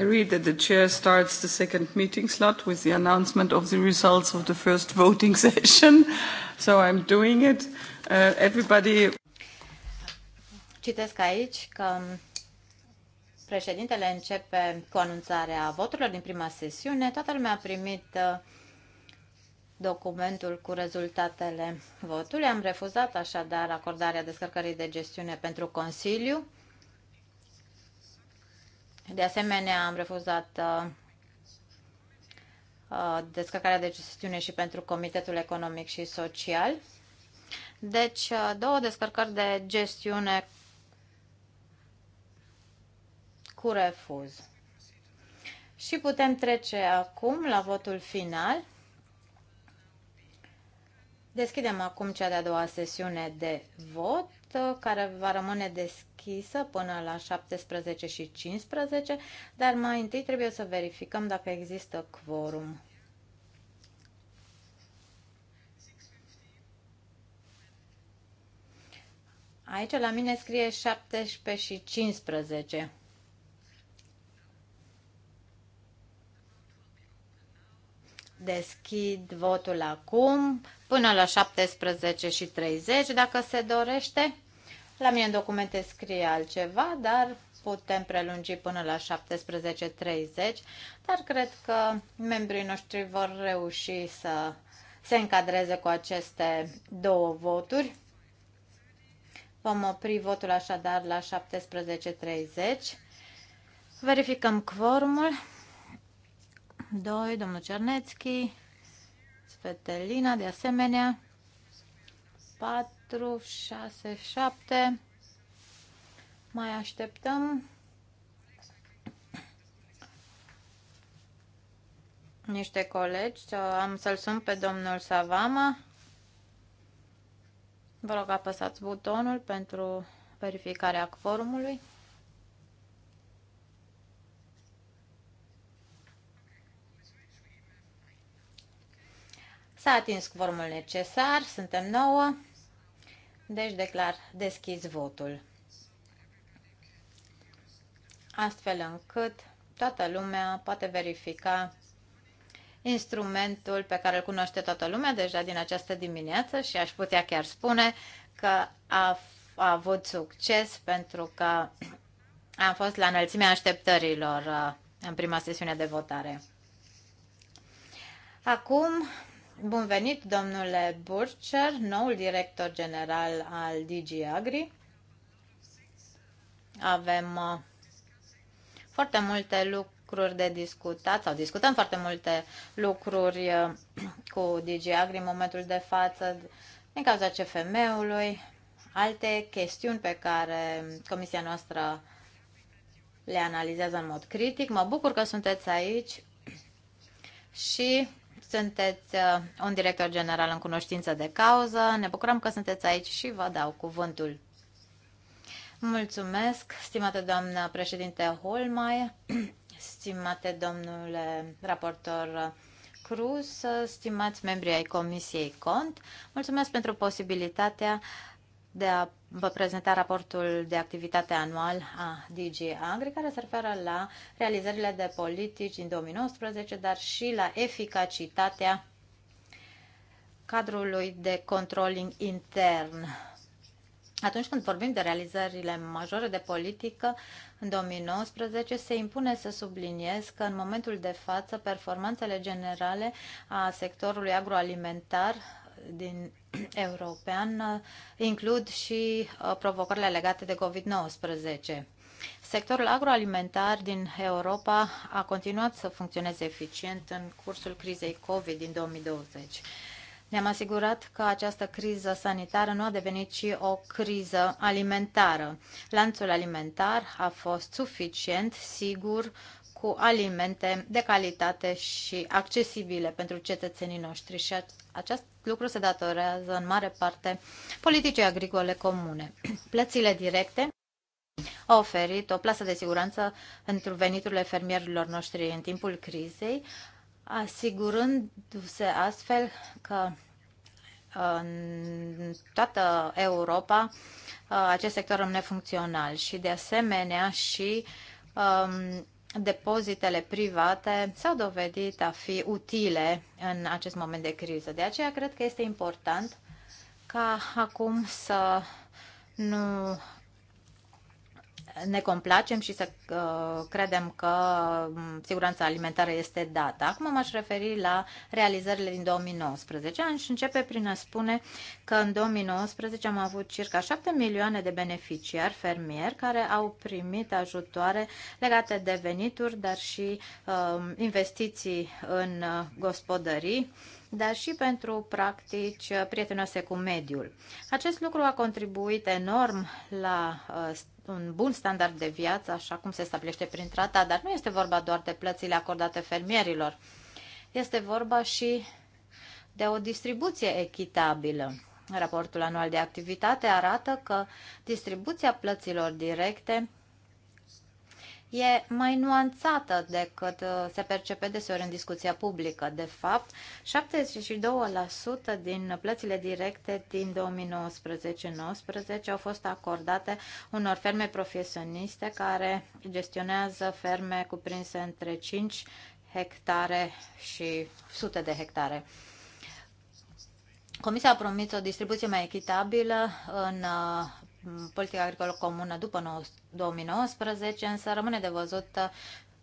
I read that the chair starts the second meeting slot with the announcement of the results of the first voting session. So I'm doing it. Uh, everybody. Citesc aici că um, președintele începe cu anunțarea voturilor din prima sesiune. Toată lumea a primit uh, documentul cu rezultatele votului. Am refuzat așadar acordarea descărcării de gestiune pentru Consiliu de asemenea, am refuzat uh, uh, descărcarea de gestiune și pentru Comitetul Economic și Social. Deci, uh, două descărcări de gestiune cu refuz. Și putem trece acum la votul final. Deschidem acum cea de-a doua sesiune de vot, care va rămâne deschisă deschisă până la 17 și 15, dar mai întâi trebuie să verificăm dacă există quorum. Aici la mine scrie 17 și 15. Deschid votul acum până la 17 și 30, dacă se dorește. La mine în documente scrie altceva, dar putem prelungi până la 17.30, dar cred că membrii noștri vor reuși să se încadreze cu aceste două voturi. Vom opri votul așadar la 17.30. Verificăm quorumul. 2, domnul Cernețchi, Svetelina, de asemenea. 4, 4, 6, 7. Mai așteptăm. Niște colegi. Am să-l sun pe domnul Savama. Vă rog apăsați butonul pentru verificarea formului. S-a atins formul necesar, suntem nouă. Deci declar deschis votul. Astfel încât toată lumea poate verifica instrumentul pe care îl cunoaște toată lumea deja din această dimineață și aș putea chiar spune că a, a avut succes pentru că am fost la înălțimea așteptărilor uh, în prima sesiune de votare. Acum Bun venit, domnule Burcher, noul director general al DG Agri. Avem uh, foarte multe lucruri de discutat sau discutăm foarte multe lucruri uh, cu DG Agri în momentul de față din cauza CFM-ului, alte chestiuni pe care comisia noastră le analizează în mod critic. Mă bucur că sunteți aici și sunteți uh, un director general în cunoștință de cauză. Ne bucurăm că sunteți aici și vă dau cuvântul. Mulțumesc, stimată doamnă președinte Holmai, stimate domnule raportor Cruz, stimați membri ai Comisiei Cont, mulțumesc pentru posibilitatea de a vă prezenta raportul de activitate anual a DG Agri, care se referă la realizările de politici din 2019, dar și la eficacitatea cadrului de controlling intern. Atunci când vorbim de realizările majore de politică în 2019, se impune să subliniez că în momentul de față performanțele generale a sectorului agroalimentar din european uh, includ și uh, provocările legate de COVID-19. Sectorul agroalimentar din Europa a continuat să funcționeze eficient în cursul crizei COVID din 2020. Ne-am asigurat că această criză sanitară nu a devenit și o criză alimentară. Lanțul alimentar a fost suficient, sigur, cu alimente de calitate și accesibile pentru cetățenii noștri și acest lucru se datorează în mare parte politicii agricole comune. Plățile directe au oferit o plasă de siguranță pentru veniturile fermierilor noștri în timpul crizei, asigurându-se astfel că în toată Europa uh, acest sector rămâne funcțional și de asemenea și um, depozitele private s-au dovedit a fi utile în acest moment de criză. De aceea cred că este important ca acum să nu ne complacem și să uh, credem că mm, siguranța alimentară este dată. Acum m-aș referi la realizările din 2019. Aș începe prin a spune că în 2019 am avut circa 7 milioane de beneficiari fermieri care au primit ajutoare legate de venituri, dar și uh, investiții în uh, gospodării dar și pentru practici uh, prietenoase cu mediul. Acest lucru a contribuit enorm la uh, un bun standard de viață, așa cum se stabilește prin tratat, dar nu este vorba doar de plățile acordate fermierilor. Este vorba și de o distribuție echitabilă. Raportul anual de activitate arată că distribuția plăților directe e mai nuanțată decât uh, se percepe deseori în discuția publică. De fapt, 72% din plățile directe din 2019-19 au fost acordate unor ferme profesioniste care gestionează ferme cuprinse între 5 hectare și sute de hectare. Comisia a promis o distribuție mai echitabilă în uh, politica agricolă comună după 2019, însă rămâne de văzut uh,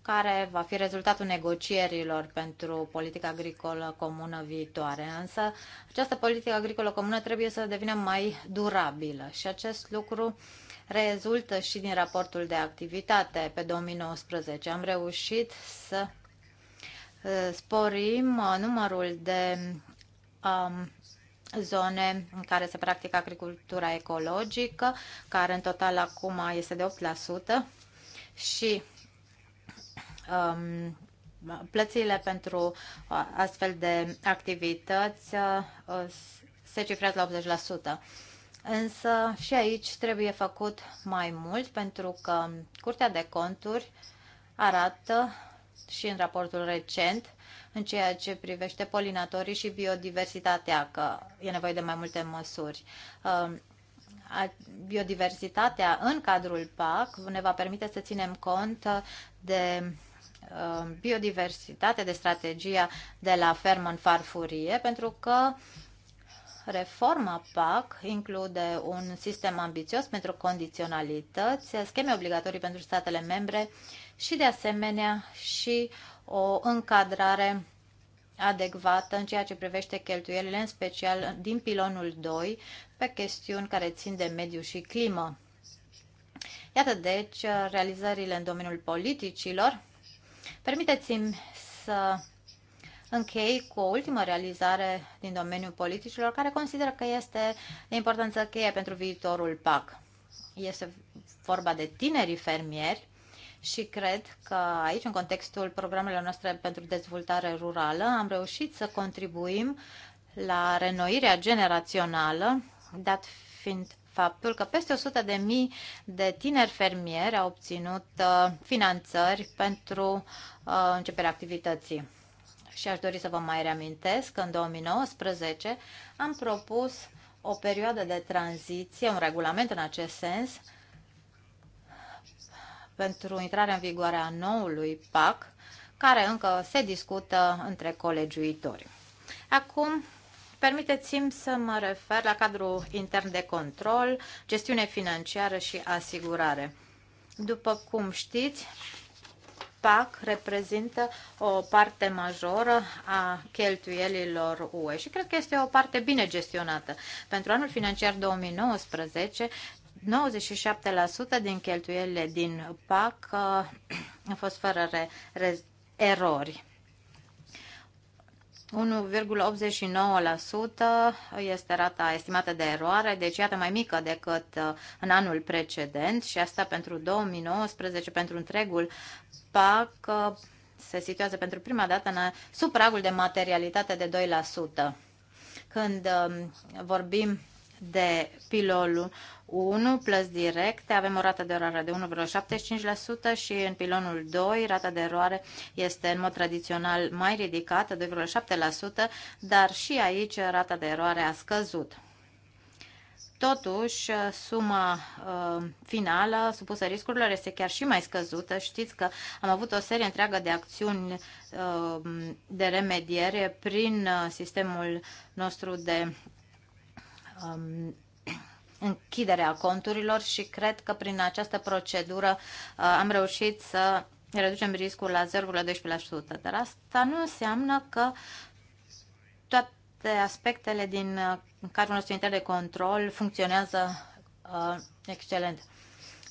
care va fi rezultatul negocierilor pentru politica agricolă comună viitoare. Însă această politică agricolă comună trebuie să devină mai durabilă și acest lucru rezultă și din raportul de activitate pe 2019. Am reușit să uh, sporim uh, numărul de um, zone în care se practică agricultura ecologică, care în total acum este de 8% și um, plățile pentru uh, astfel de activități uh, se cifrează la 80%. Însă și aici trebuie făcut mai mult pentru că Curtea de Conturi arată și în raportul recent în ceea ce privește polinatorii și biodiversitatea, că e nevoie de mai multe măsuri. Um, biodiversitatea în cadrul PAC ne va permite să ținem cont de um, biodiversitate, de strategia de la fermă în farfurie, pentru că Reforma PAC include un sistem ambițios pentru condiționalități, scheme obligatorii pentru statele membre și, de asemenea, și o încadrare adecvată în ceea ce privește cheltuielile, în special din pilonul 2, pe chestiuni care țin de mediu și climă. Iată deci realizările în domeniul politicilor. Permiteți-mi să închei cu o ultimă realizare din domeniul politicilor care consideră că este de importanță cheie pentru viitorul PAC. Este vorba de tinerii fermieri și cred că aici, în contextul programelor noastre pentru dezvoltare rurală, am reușit să contribuim la renoirea generațională, dat fiind faptul că peste 100 de mii de tineri fermieri au obținut uh, finanțări pentru uh, începerea activității. Și aș dori să vă mai reamintesc că în 2019 am propus o perioadă de tranziție, un regulament în acest sens, pentru intrarea în vigoare a noului PAC, care încă se discută între colegiuitori. Acum, permiteți-mi să mă refer la cadrul intern de control, gestiune financiară și asigurare. După cum știți, PAC reprezintă o parte majoră a cheltuielilor UE și cred că este o parte bine gestionată. Pentru anul financiar 2019, 97% din cheltuielile din PAC uh, au fost fără re, re, erori. 1,89% este rata estimată de eroare, deci iată mai mică decât uh, în anul precedent și asta pentru 2019, pentru întregul PAC uh, se situează pentru prima dată în sub pragul de materialitate de 2%. Când um, vorbim de pilolul, 1, plus directe, avem o rată de eroare de 1,75% și în pilonul 2 rata de eroare este în mod tradițional mai ridicată, 2,7%, dar și aici rata de eroare a scăzut. Totuși, suma uh, finală supusă riscurilor este chiar și mai scăzută. Știți că am avut o serie întreagă de acțiuni uh, de remediere prin uh, sistemul nostru de um, închiderea conturilor și cred că prin această procedură uh, am reușit să reducem riscul la 0,12%. Dar asta nu înseamnă că toate aspectele din uh, cadrul nostru intern de control funcționează uh, excelent.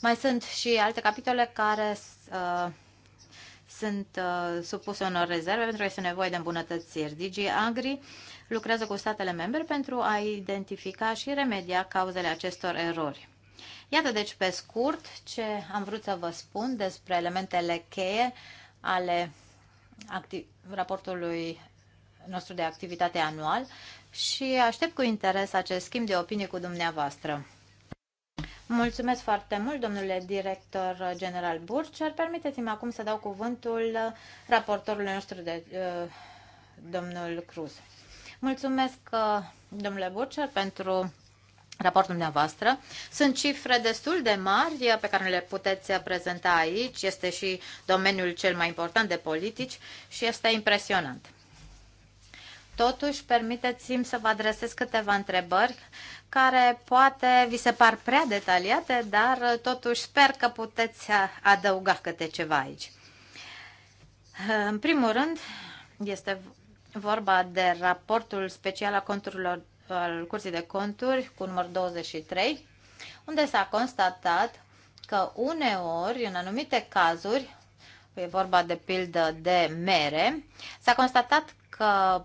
Mai sunt și alte capitole care uh, sunt uh, supuse unor rezerve pentru că este nevoie de îmbunătățiri. DG Agri lucrează cu statele membre pentru a identifica și remedia cauzele acestor erori. Iată deci pe scurt ce am vrut să vă spun despre elementele cheie ale raportului nostru de activitate anual și aștept cu interes acest schimb de opinie cu dumneavoastră. Mulțumesc foarte mult, domnule director general Burcer. Permiteți-mi acum să dau cuvântul raportorului nostru, de, uh, domnul Cruz. Mulțumesc, uh, domnule Burcer, pentru raportul dumneavoastră. Sunt cifre destul de mari pe care le puteți prezenta aici. Este și domeniul cel mai important de politici și este impresionant. Totuși, permiteți-mi să vă adresez câteva întrebări care poate vi se par prea detaliate, dar totuși sper că puteți adăuga câte ceva aici. În primul rând, este vorba de raportul special a conturilor al Curții de Conturi cu număr 23, unde s-a constatat că uneori, în anumite cazuri, e vorba de pildă de mere, s-a constatat că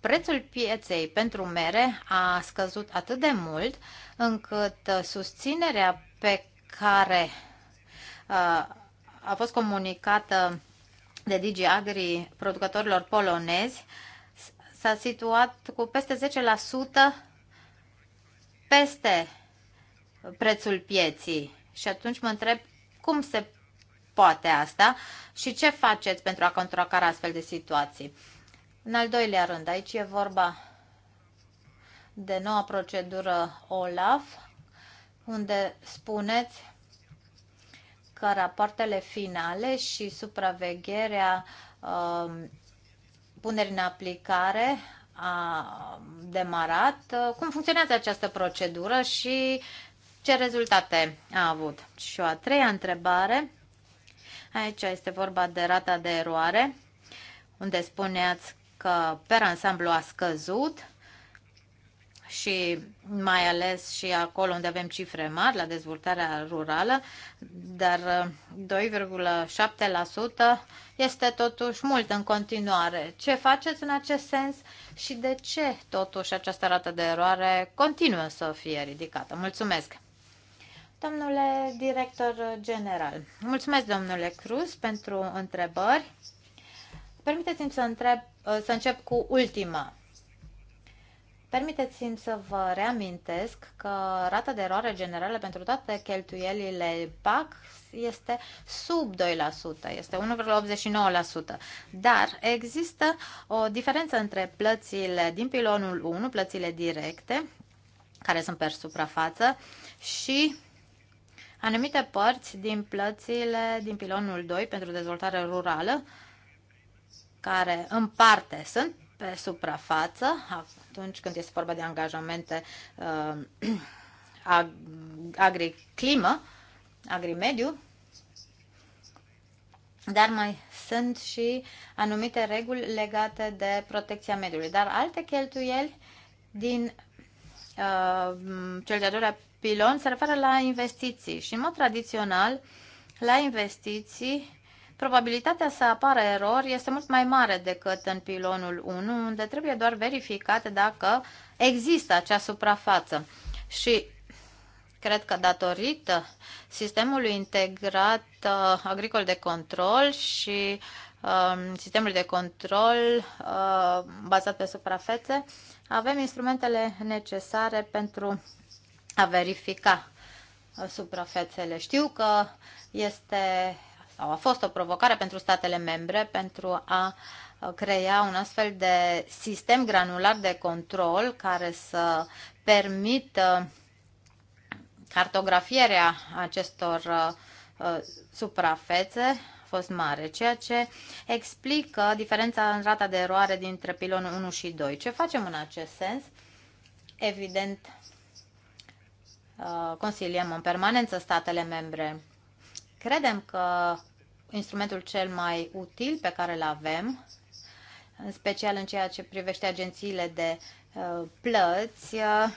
prețul pieței pentru mere a scăzut atât de mult încât uh, susținerea pe care uh, a fost comunicată de Digi Agri producătorilor polonezi s-a situat cu peste 10% peste prețul pieții. Și atunci mă întreb cum se poate asta și ce faceți pentru a contracara astfel de situații. În al doilea rând, aici e vorba de noua procedură OLAF, unde spuneți că rapoartele finale și supravegherea uh, punerii în aplicare a demarat. Cum funcționează această procedură și ce rezultate a avut? Și o a treia întrebare. Aici este vorba de rata de eroare, unde spuneați că per ansamblu a scăzut și mai ales și acolo unde avem cifre mari la dezvoltarea rurală, dar 2,7% este totuși mult în continuare. Ce faceți în acest sens și de ce totuși această rată de eroare continuă să fie ridicată? Mulțumesc! Domnule director general, mulțumesc domnule Cruz pentru întrebări. Permiteți-mi să, întreb, uh, să încep cu ultima. Permiteți-mi să vă reamintesc că rata de eroare generală pentru toate cheltuielile PAC este sub 2%, este 1,89%. Dar există o diferență între plățile din pilonul 1, plățile directe, care sunt pe suprafață, și anumite părți din plățile din pilonul 2 pentru dezvoltare rurală, care în parte sunt pe suprafață, atunci când este vorba de angajamente uh, agriclimă, agrimediu, dar mai sunt și anumite reguli legate de protecția mediului. Dar alte cheltuieli din uh, cel de-al doilea pilon se referă la investiții și, în mod tradițional, la investiții probabilitatea să apară erori este mult mai mare decât în pilonul 1, unde trebuie doar verificat dacă există acea suprafață. Și cred că datorită sistemului integrat uh, agricol de control și uh, um, sistemului de control uh, bazat pe suprafețe, avem instrumentele necesare pentru a verifica uh, suprafețele. Știu că este sau a fost o provocare pentru statele membre pentru a crea un astfel de sistem granular de control care să permită cartografierea acestor suprafețe fost mare, ceea ce explică diferența în rata de eroare dintre pilonul 1 și 2. Ce facem în acest sens? Evident, consiliem în permanență statele membre Credem că instrumentul cel mai util pe care îl avem, în special în ceea ce privește agențiile de uh, plăți, uh,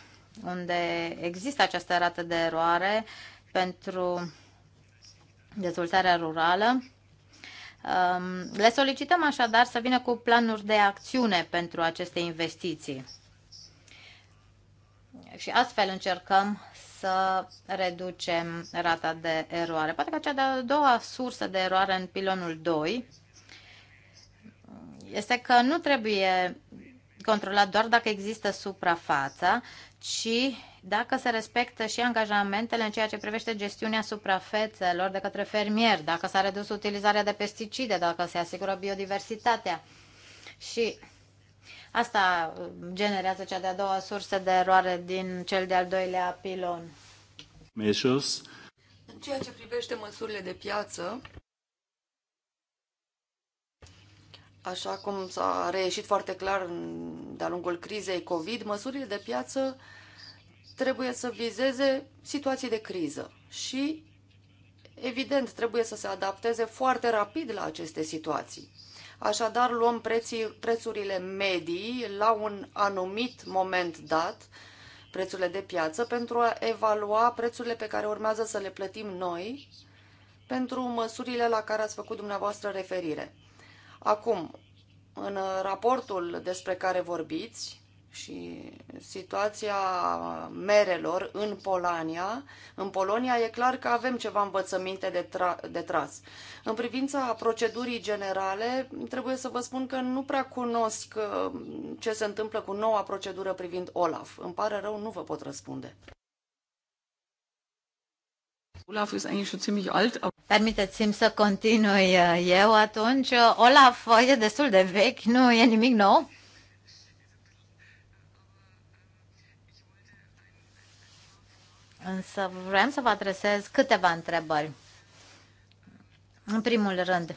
unde există această rată de eroare pentru dezvoltarea rurală, um, le solicităm așadar să vină cu planuri de acțiune pentru aceste investiții. Și astfel încercăm să reducem rata de eroare. Poate că cea de-a doua sursă de eroare în pilonul 2 este că nu trebuie controlat doar dacă există suprafața, ci dacă se respectă și angajamentele în ceea ce privește gestiunea suprafețelor de către fermieri, dacă s-a redus utilizarea de pesticide, dacă se asigură biodiversitatea. Și Asta uh, generează cea de-a doua sursă de eroare din cel de-al doilea pilon. Measures. În ceea ce privește măsurile de piață, așa cum s-a reieșit foarte clar de-a lungul crizei COVID, măsurile de piață trebuie să vizeze situații de criză și, evident, trebuie să se adapteze foarte rapid la aceste situații. Așadar, luăm preții, prețurile medii la un anumit moment dat, prețurile de piață, pentru a evalua prețurile pe care urmează să le plătim noi pentru măsurile la care ați făcut dumneavoastră referire. Acum, în raportul despre care vorbiți, și situația merelor în Polonia, în Polonia e clar că avem ceva învățăminte de, tra- de tras. În privința procedurii generale, trebuie să vă spun că nu prea cunosc uh, ce se întâmplă cu noua procedură privind Olaf. Îmi pare rău, nu vă pot răspunde. Olaf ist eigentlich schon ziemlich alt, Permiteți-mi să continui uh, eu atunci. Olaf e destul de vechi, nu e nimic nou. Însă vreau să vă adresez câteva întrebări. În primul rând,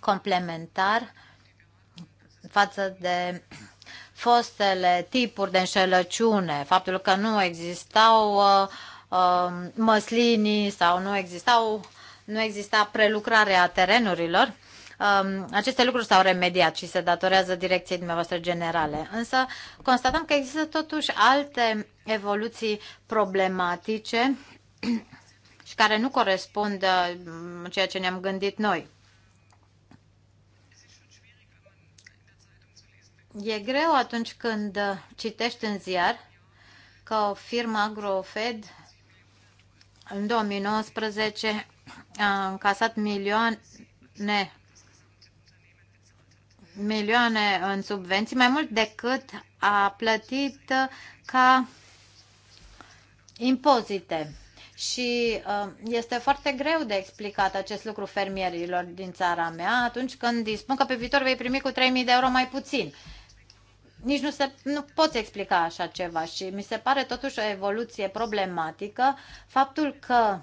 complementar față de fostele tipuri de înșelăciune, faptul că nu existau uh, uh, măslinii sau nu existau nu exista prelucrarea terenurilor, um, aceste lucruri s-au remediat și se datorează direcției dumneavoastră generale. Însă constatăm că există totuși alte evoluții problematice și care nu corespund um, ceea ce ne-am gândit noi. E greu atunci când citești în ziar că o firmă agrofed în 2019 a încasat milioane milioane în subvenții, mai mult decât a plătit ca impozite. Și uh, este foarte greu de explicat acest lucru fermierilor din țara mea atunci când îi spun că pe viitor vei primi cu 3.000 de euro mai puțin. Nici nu, se, nu poți explica așa ceva și mi se pare totuși o evoluție problematică faptul că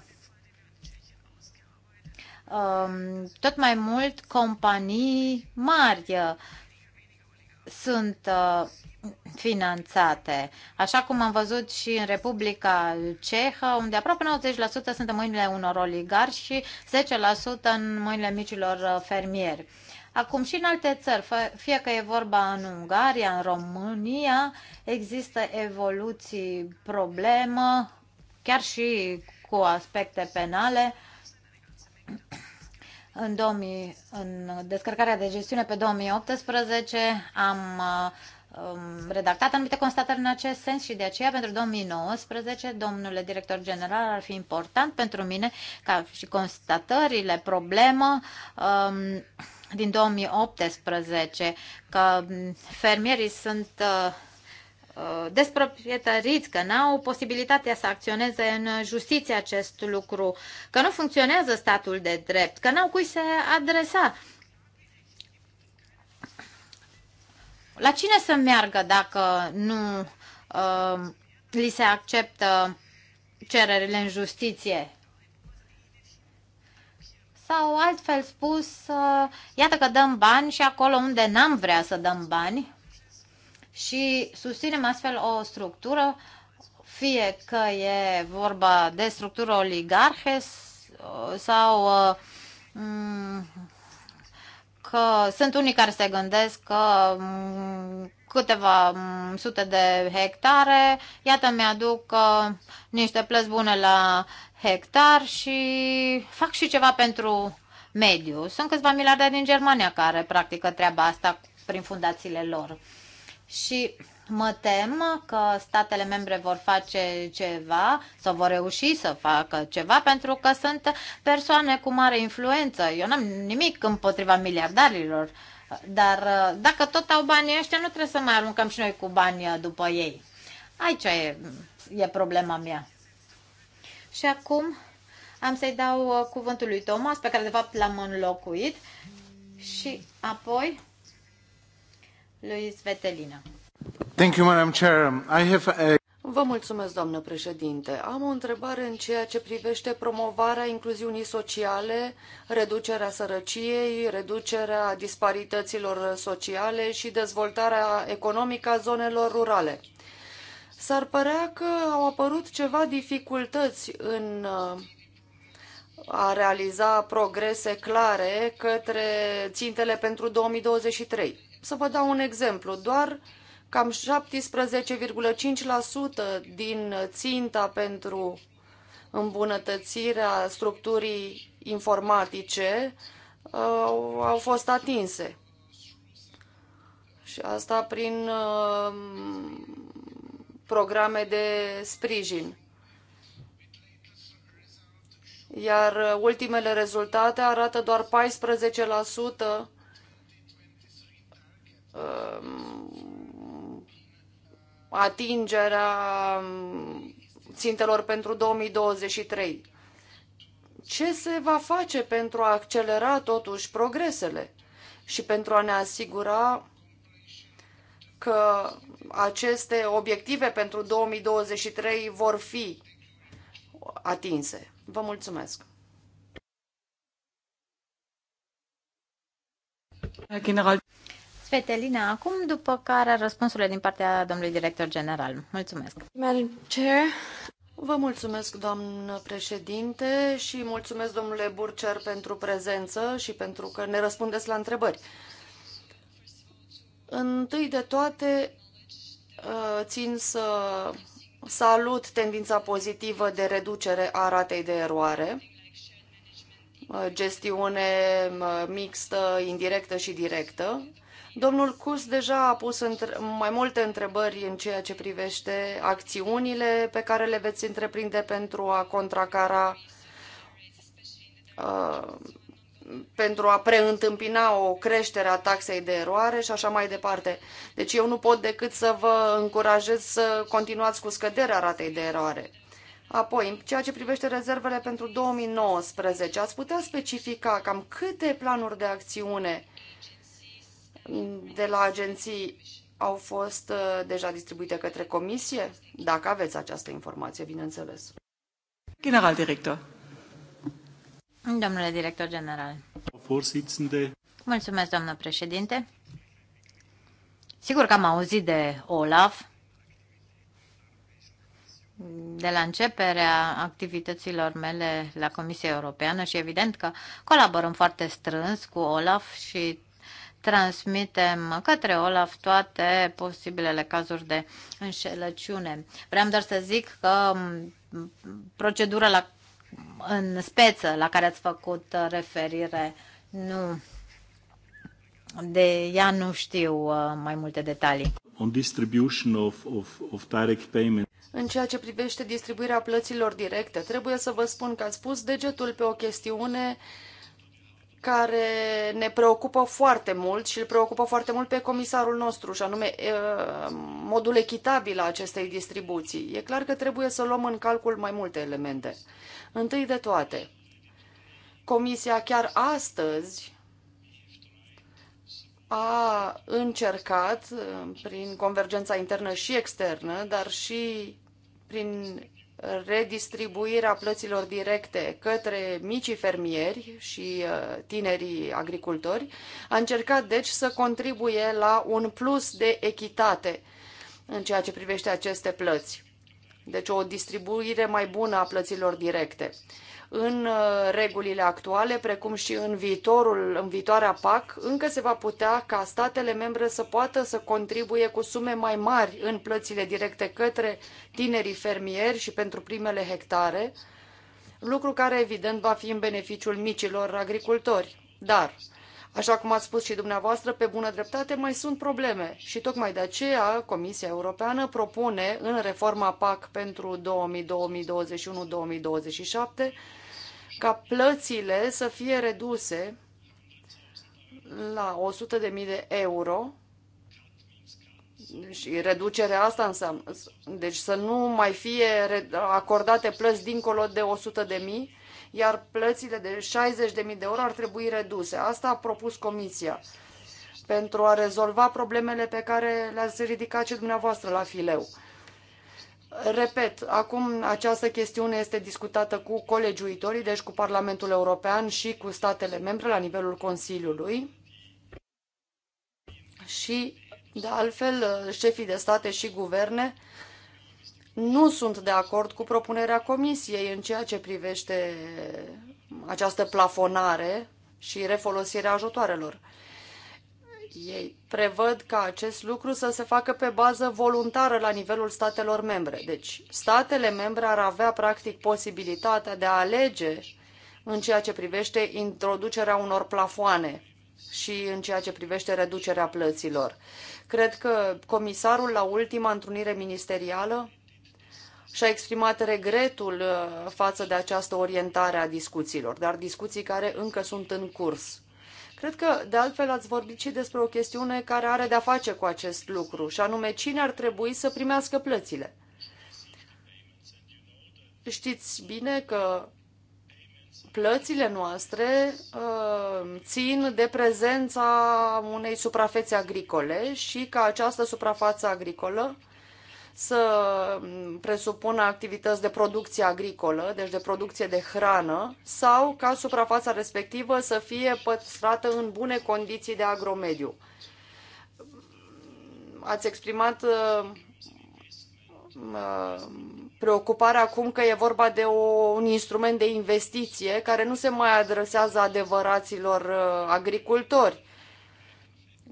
Um, tot mai mult companii mari uh, sunt uh, finanțate. Așa cum am văzut și în Republica Cehă, unde aproape 90% sunt în mâinile unor oligari și 10% în mâinile micilor uh, fermieri. Acum și în alte țări, fie că e vorba în Ungaria, în România, există evoluții, problemă, chiar și cu aspecte penale, uh, în, 2000, în descărcarea de gestiune pe 2018 am um, redactat anumite constatări în acest sens și de aceea pentru 2019, domnule director general, ar fi important pentru mine ca și constatările, problemă um, din 2018, că fermierii sunt uh, Uh, desproprietăriți, că n-au posibilitatea să acționeze în justiție acest lucru, că nu funcționează statul de drept, că n-au cui se adresa. La cine să meargă dacă nu uh, li se acceptă cererile în justiție? Sau altfel spus, uh, iată că dăm bani și acolo unde n-am vrea să dăm bani, și susținem astfel o structură, fie că e vorba de structură oligarhe sau uh, că sunt unii care se gândesc că câteva sute de hectare, iată mi-aduc uh, niște plăți bune la hectar și fac și ceva pentru mediu. Sunt câțiva miliarde din Germania care practică treaba asta prin fundațiile lor și mă tem că statele membre vor face ceva sau vor reuși să facă ceva pentru că sunt persoane cu mare influență. Eu n-am nimic împotriva miliardarilor, dar uh, dacă tot au banii ăștia, nu trebuie să mai aruncăm și noi cu bani uh, după ei. Aici e, e problema mea. Și acum am să-i dau uh, cuvântul lui Thomas, pe care de fapt l-am înlocuit și apoi Thank you, Madam Chair. I have a... Vă mulțumesc, doamnă președinte. Am o întrebare în ceea ce privește promovarea incluziunii sociale, reducerea sărăciei, reducerea disparităților sociale și dezvoltarea economică a zonelor rurale. S-ar părea că au apărut ceva dificultăți în a realiza progrese clare către țintele pentru 2023. Să vă dau un exemplu. Doar cam 17,5% din ținta pentru îmbunătățirea structurii informatice uh, au fost atinse. Și asta prin uh, programe de sprijin. Iar ultimele rezultate arată doar 14% Um, atingerea um, țintelor pentru 2023. Ce se va face pentru a accelera totuși progresele și pentru a ne asigura că aceste obiective pentru 2023 vor fi atinse? Vă mulțumesc! General. Svetelina acum, după care răspunsurile din partea domnului director general. Mulțumesc! Madam Chair, Vă mulțumesc, doamnă președinte, și mulțumesc, domnule Burcer, pentru prezență și pentru că ne răspundeți la întrebări. Întâi de toate, uh, țin să salut tendința pozitivă de reducere a ratei de eroare, uh, gestiune uh, mixtă, indirectă și directă, Domnul Cus deja a pus mai multe întrebări în ceea ce privește acțiunile pe care le veți întreprinde pentru a contracara, uh, pentru a preîntâmpina o creștere a taxei de eroare și așa mai departe. Deci eu nu pot decât să vă încurajez să continuați cu scăderea ratei de eroare. Apoi, în ceea ce privește rezervele pentru 2019, ați putea specifica cam câte planuri de acțiune de la agenții au fost uh, deja distribuite către comisie? Dacă aveți această informație, bineînțeles. General director. Domnule director general. Mulțumesc, doamnă președinte. Sigur că am auzit de Olaf de la începerea activităților mele la Comisia Europeană și evident că colaborăm foarte strâns cu Olaf și transmitem către Olaf toate posibilele cazuri de înșelăciune. Vreau doar să zic că procedura la, în speță la care ați făcut referire nu de ea nu știu uh, mai multe detalii. On distribution of, of, of direct payment. În ceea ce privește distribuirea plăților directe, trebuie să vă spun că ați pus degetul pe o chestiune uh, care ne preocupă foarte mult și îl preocupă foarte mult pe comisarul nostru, și anume modul echitabil a acestei distribuții. E clar că trebuie să luăm în calcul mai multe elemente. Întâi de toate, Comisia chiar astăzi a încercat, prin convergența internă și externă, dar și prin redistribuirea plăților directe către micii fermieri și uh, tinerii agricultori, a încercat deci să contribuie la un plus de echitate în ceea ce privește aceste plăți. Deci o distribuire mai bună a plăților directe în uh, regulile actuale, precum și în viitorul, în viitoarea PAC, încă se va putea ca statele membre să poată să contribuie cu sume mai mari în plățile directe către tinerii fermieri și pentru primele hectare, lucru care evident va fi în beneficiul micilor agricultori. Dar Așa cum ați spus și dumneavoastră, pe bună dreptate mai sunt probleme și tocmai de aceea Comisia Europeană propune în reforma PAC pentru 2021-2027 ca plățile să fie reduse la 100.000 de euro și reducerea asta înseamnă, deci să nu mai fie acordate plăți dincolo de 100.000 iar plățile de 60.000 de euro ar trebui reduse. Asta a propus Comisia pentru a rezolva problemele pe care le-ați ridicat și dumneavoastră la fileu. Repet, acum această chestiune este discutată cu colegiuitorii, deci cu Parlamentul European și cu statele membre la nivelul Consiliului. Și, de altfel, șefii de state și guverne nu sunt de acord cu propunerea comisiei în ceea ce privește această plafonare și refolosirea ajutoarelor. Ei prevăd ca acest lucru să se facă pe bază voluntară la nivelul statelor membre. Deci, statele membre ar avea practic posibilitatea de a alege în ceea ce privește introducerea unor plafoane și în ceea ce privește reducerea plăților. Cred că comisarul la ultima întrunire ministerială și-a exprimat regretul uh, față de această orientare a discuțiilor, dar discuții care încă sunt în curs. Cred că, de altfel, ați vorbit și despre o chestiune care are de-a face cu acest lucru, și anume cine ar trebui să primească plățile. Știți bine că plățile noastre uh, țin de prezența unei suprafețe agricole și că această suprafață agricolă să presupună activități de producție agricolă, deci de producție de hrană, sau ca suprafața respectivă să fie păstrată în bune condiții de agromediu. Ați exprimat uh, uh, preocuparea acum că e vorba de o, un instrument de investiție care nu se mai adresează adevăraților uh, agricultori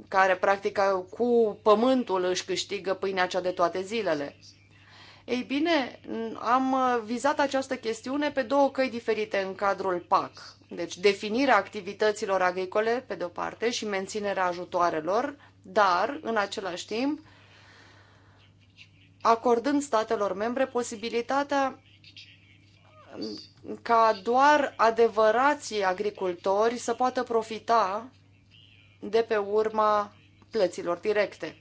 care practic cu pământul își câștigă pâinea cea de toate zilele. Ei bine, am vizat această chestiune pe două căi diferite în cadrul PAC. Deci definirea activităților agricole, pe de-o parte, și menținerea ajutoarelor, dar, în același timp, acordând statelor membre posibilitatea ca doar adevărații agricultori să poată profita de pe urma plăților directe.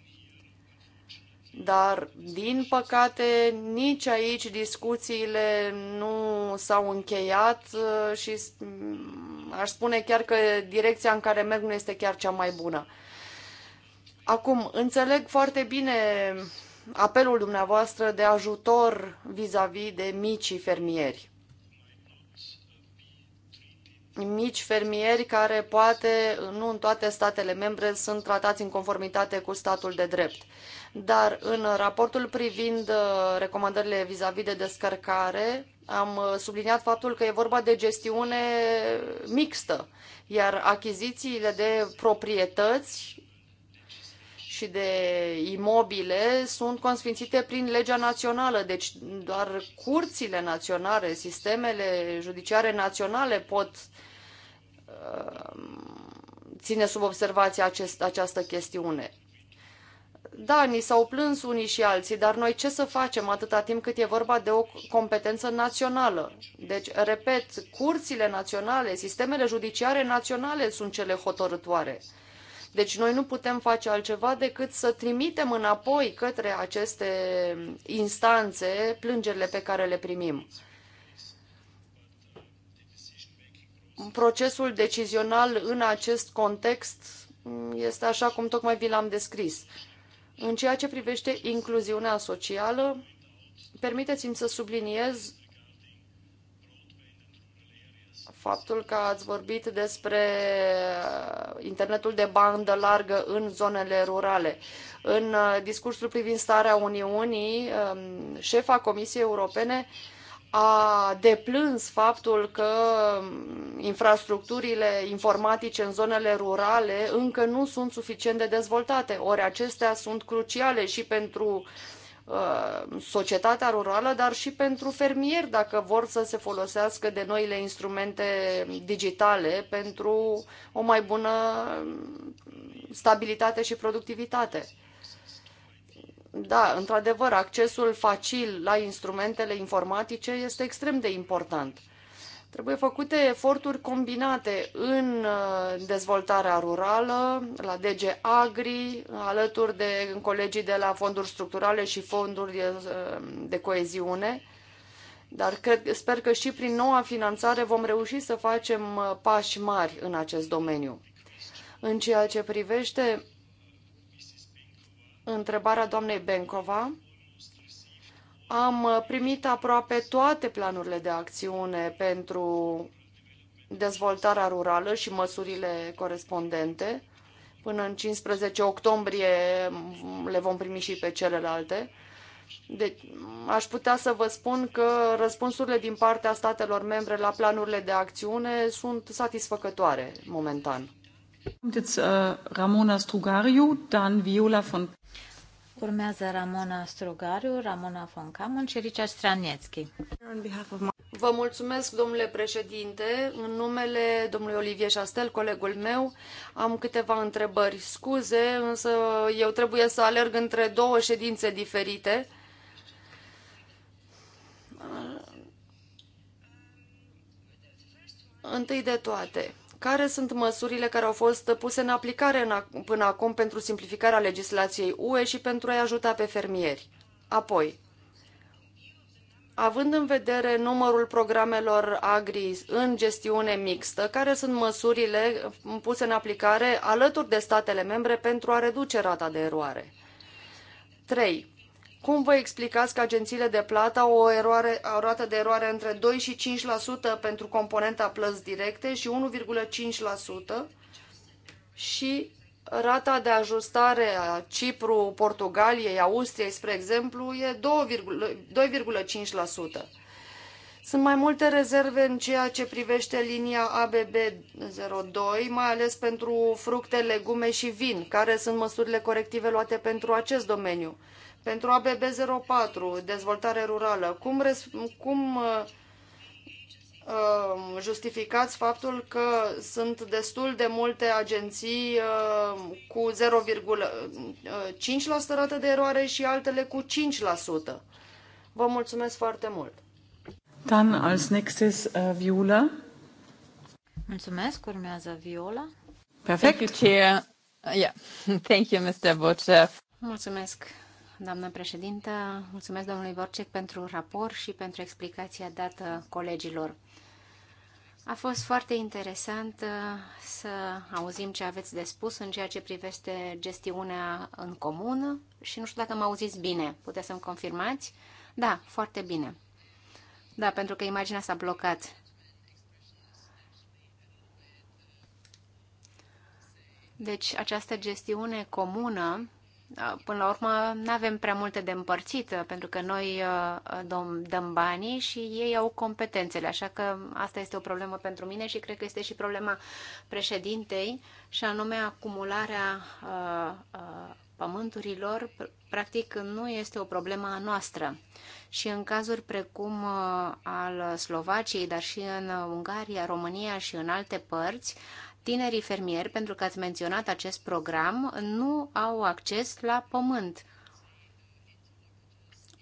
Dar, din păcate, nici aici discuțiile nu s-au încheiat uh, și aș spune chiar că direcția în care merg nu este chiar cea mai bună. Acum, înțeleg foarte bine apelul dumneavoastră de ajutor vis-a-vis -vis de micii fermieri mici fermieri care poate nu în toate statele membre sunt tratați în conformitate cu statul de drept. Dar în raportul privind uh, recomandările vis-a-vis -vis de descărcare am uh, subliniat faptul că e vorba de gestiune mixtă, iar achizițiile de proprietăți și de imobile sunt consfințite prin legea națională, deci doar curțile naționale, sistemele judiciare naționale pot uh, ține sub observație acest, această chestiune. Da, ni s-au plâns unii și alții, dar noi ce să facem atâta timp cât e vorba de o competență națională? Deci, repet, curțile naționale, sistemele judiciare naționale sunt cele hotărătoare. Deci noi nu putem face altceva decât să trimitem înapoi către aceste instanțe plângerile pe care le primim. Procesul decizional în acest context este așa cum tocmai vi l-am descris. În ceea ce privește incluziunea socială, permiteți-mi să subliniez faptul că ați vorbit despre uh, internetul de bandă largă în zonele rurale. În uh, discursul privind starea Uniunii, um, șefa Comisiei Europene a deplâns faptul că um, infrastructurile informatice în zonele rurale încă nu sunt suficient de dezvoltate, ori acestea sunt cruciale și pentru uh, Uh, societatea rurală, dar și pentru fermieri dacă vor să se folosească de noile instrumente digitale pentru o mai bună stabilitate și productivitate. Da, într-adevăr, accesul facil la instrumentele informatice este extrem de important. Trebuie făcute eforturi combinate în uh, dezvoltarea rurală, la DG Agri, alături de colegii de la fonduri structurale și fonduri de, uh, de coeziune. Dar cred, sper că și prin noua finanțare vom reuși să facem uh, pași mari în acest domeniu. În ceea ce privește întrebarea doamnei Bencova, am uh, primit aproape toate planurile de acțiune pentru dezvoltarea rurală și măsurile corespondente. Până în 15 octombrie le vom primi și pe celelalte. Deci, aș putea să vă spun că răspunsurile din partea statelor membre la planurile de acțiune sunt satisfăcătoare momentan. Uh, Ramona Strugariu, Dan Viola von Urmează Ramona Strugariu, Ramona Foncamon și Richard Straniecki. Vă mulțumesc, domnule președinte. În numele domnului Olivier Chastel, colegul meu, am câteva întrebări. Scuze, însă eu trebuie să alerg între două ședințe diferite. Întâi de toate, care sunt măsurile care au fost puse în aplicare în, până acum pentru simplificarea legislației UE și pentru a-i ajuta pe fermieri? Apoi, având în vedere numărul programelor agri în gestiune mixtă, care sunt măsurile puse în aplicare alături de statele membre pentru a reduce rata de eroare? 3. Cum vă explicați că agențiile de plată au o, eroare, o rată de eroare între 2 și 5% pentru componenta plăți directe și 1,5% și rata de ajustare a Cipru, Portugaliei, Austriei, spre exemplu, e 2,5%. Sunt mai multe rezerve în ceea ce privește linia ABB02, mai ales pentru fructe, legume și vin, care sunt măsurile corective luate pentru acest domeniu pentru ABB04, dezvoltare rurală, cum, res, cum uh, uh, justificați faptul că sunt destul de multe agenții uh, cu 0,5% uh, rată de eroare și altele cu 5%? Vă mulțumesc foarte mult! Dan, als nächstes uh, Viola. Mulțumesc, urmează Viola. Perfect. Thank you, Chair. Uh, yeah. Thank you, Mr. Butcher. Mulțumesc, doamnă președintă. Mulțumesc domnului Vorcec pentru raport și pentru explicația dată colegilor. A fost foarte interesant uh, să auzim ce aveți de spus în ceea ce privește gestiunea în comun și nu știu dacă mă auziți bine. Puteți să-mi confirmați? Da, foarte bine. Da, pentru că imaginea s-a blocat. Deci această gestiune comună Până la urmă, nu avem prea multe de împărțit, pentru că noi dăm banii și ei au competențele, așa că asta este o problemă pentru mine și cred că este și problema președintei, și anume acumularea pământurilor, practic, nu este o problemă a noastră. Și în cazuri precum al Slovaciei, dar și în Ungaria, România și în alte părți, tinerii fermieri, pentru că ați menționat acest program, nu au acces la pământ.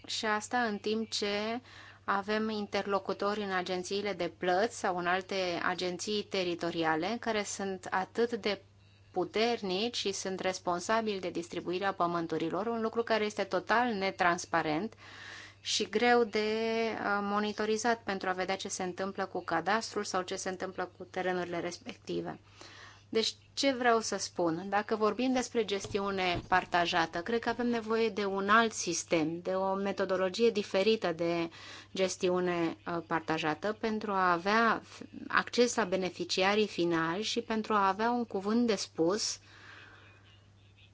Și asta în timp ce avem interlocutori în agențiile de plăți sau în alte agenții teritoriale care sunt atât de puternici și sunt responsabili de distribuirea pământurilor, un lucru care este total netransparent și greu de uh, monitorizat pentru a vedea ce se întâmplă cu cadastrul sau ce se întâmplă cu terenurile respective. Deci, ce vreau să spun? Dacă vorbim despre gestiune partajată, cred că avem nevoie de un alt sistem, de o metodologie diferită de gestiune uh, partajată pentru a avea acces la beneficiarii finali și pentru a avea un cuvânt de spus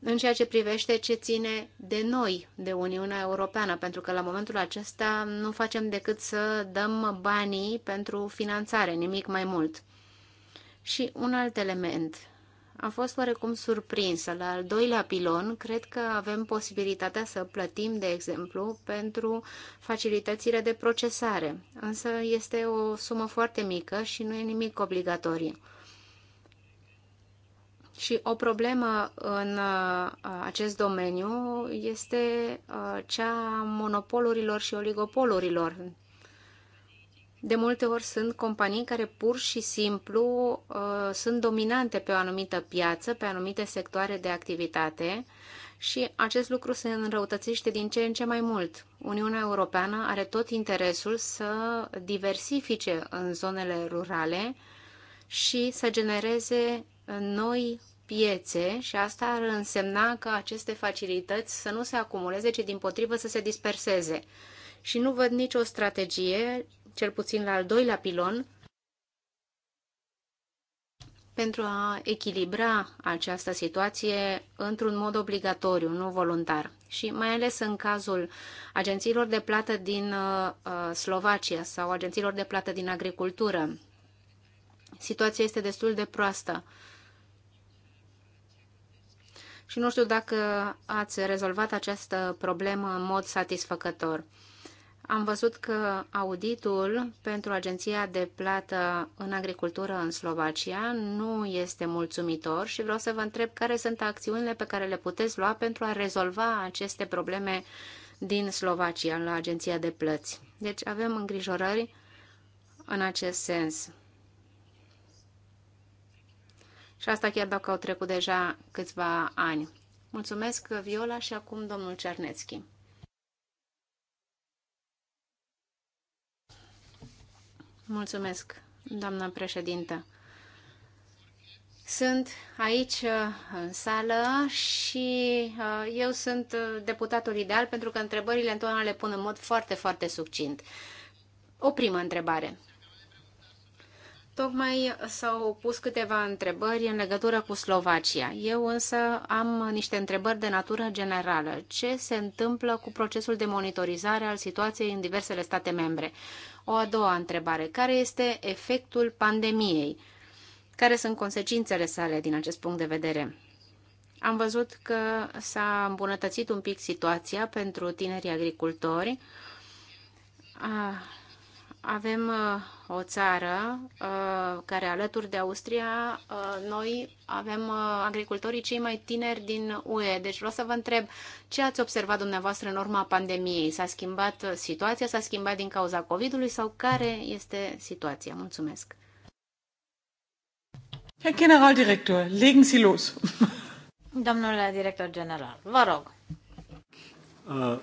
în ceea ce privește ce ține de noi, de Uniunea Europeană, pentru că la momentul acesta nu facem decât să dăm banii pentru finanțare, nimic mai mult. Și un alt element. Am fost oarecum surprinsă. La al doilea pilon, cred că avem posibilitatea să plătim, de exemplu, pentru facilitățile de procesare. Însă este o sumă foarte mică și nu e nimic obligatoriu. Și o problemă în uh, acest domeniu este uh, cea monopolurilor și oligopolurilor. De multe ori sunt companii care pur și simplu uh, sunt dominante pe o anumită piață, pe anumite sectoare de activitate și acest lucru se înrăutățește din ce în ce mai mult. Uniunea Europeană are tot interesul să diversifice în zonele rurale și să genereze noi piețe și asta ar însemna că aceste facilități să nu se acumuleze, ci din potrivă să se disperseze. Și nu văd nicio strategie, cel puțin la al doilea pilon, pentru a echilibra această situație într-un mod obligatoriu, nu voluntar. Și mai ales în cazul agențiilor de plată din uh, uh Slovacia sau agențiilor de plată din agricultură. Situația este destul de proastă. Uh, și nu știu dacă ați rezolvat această problemă în mod satisfăcător. Am văzut că auditul pentru agenția de plată în agricultură în Slovacia nu este mulțumitor și vreau să vă întreb care sunt acțiunile pe care le puteți lua pentru a rezolva aceste probleme din Slovacia la agenția de plăți. Deci avem îngrijorări în acest sens. Și asta chiar dacă au trecut deja câțiva ani. Mulțumesc, Viola, și acum domnul Cernețchi. Mulțumesc, doamnă președintă. Sunt aici uh, în sală și uh, eu sunt uh, deputatul ideal pentru că întrebările întotdeauna le pun în mod foarte, foarte succint. O primă întrebare. Tocmai s-au pus câteva întrebări în legătură cu Slovacia. Eu însă am niște întrebări de natură generală. Ce se întâmplă cu procesul de monitorizare al situației în diversele state membre? O a doua întrebare. Care este efectul pandemiei? Care sunt consecințele sale din acest punct de vedere? Am văzut că s-a îmbunătățit un pic situația pentru tinerii agricultori. Ah avem uh, o țară uh, care alături de Austria, uh, noi avem agricultorii cei mai tineri din UE. Deci vreau să vă întreb ce ați observat dumneavoastră în urma pandemiei? S-a schimbat situația, s-a schimbat din cauza COVID-ului sau care este situația? Mulțumesc! Herr director, legen Sie los! Domnule director general, vă rog. Uh,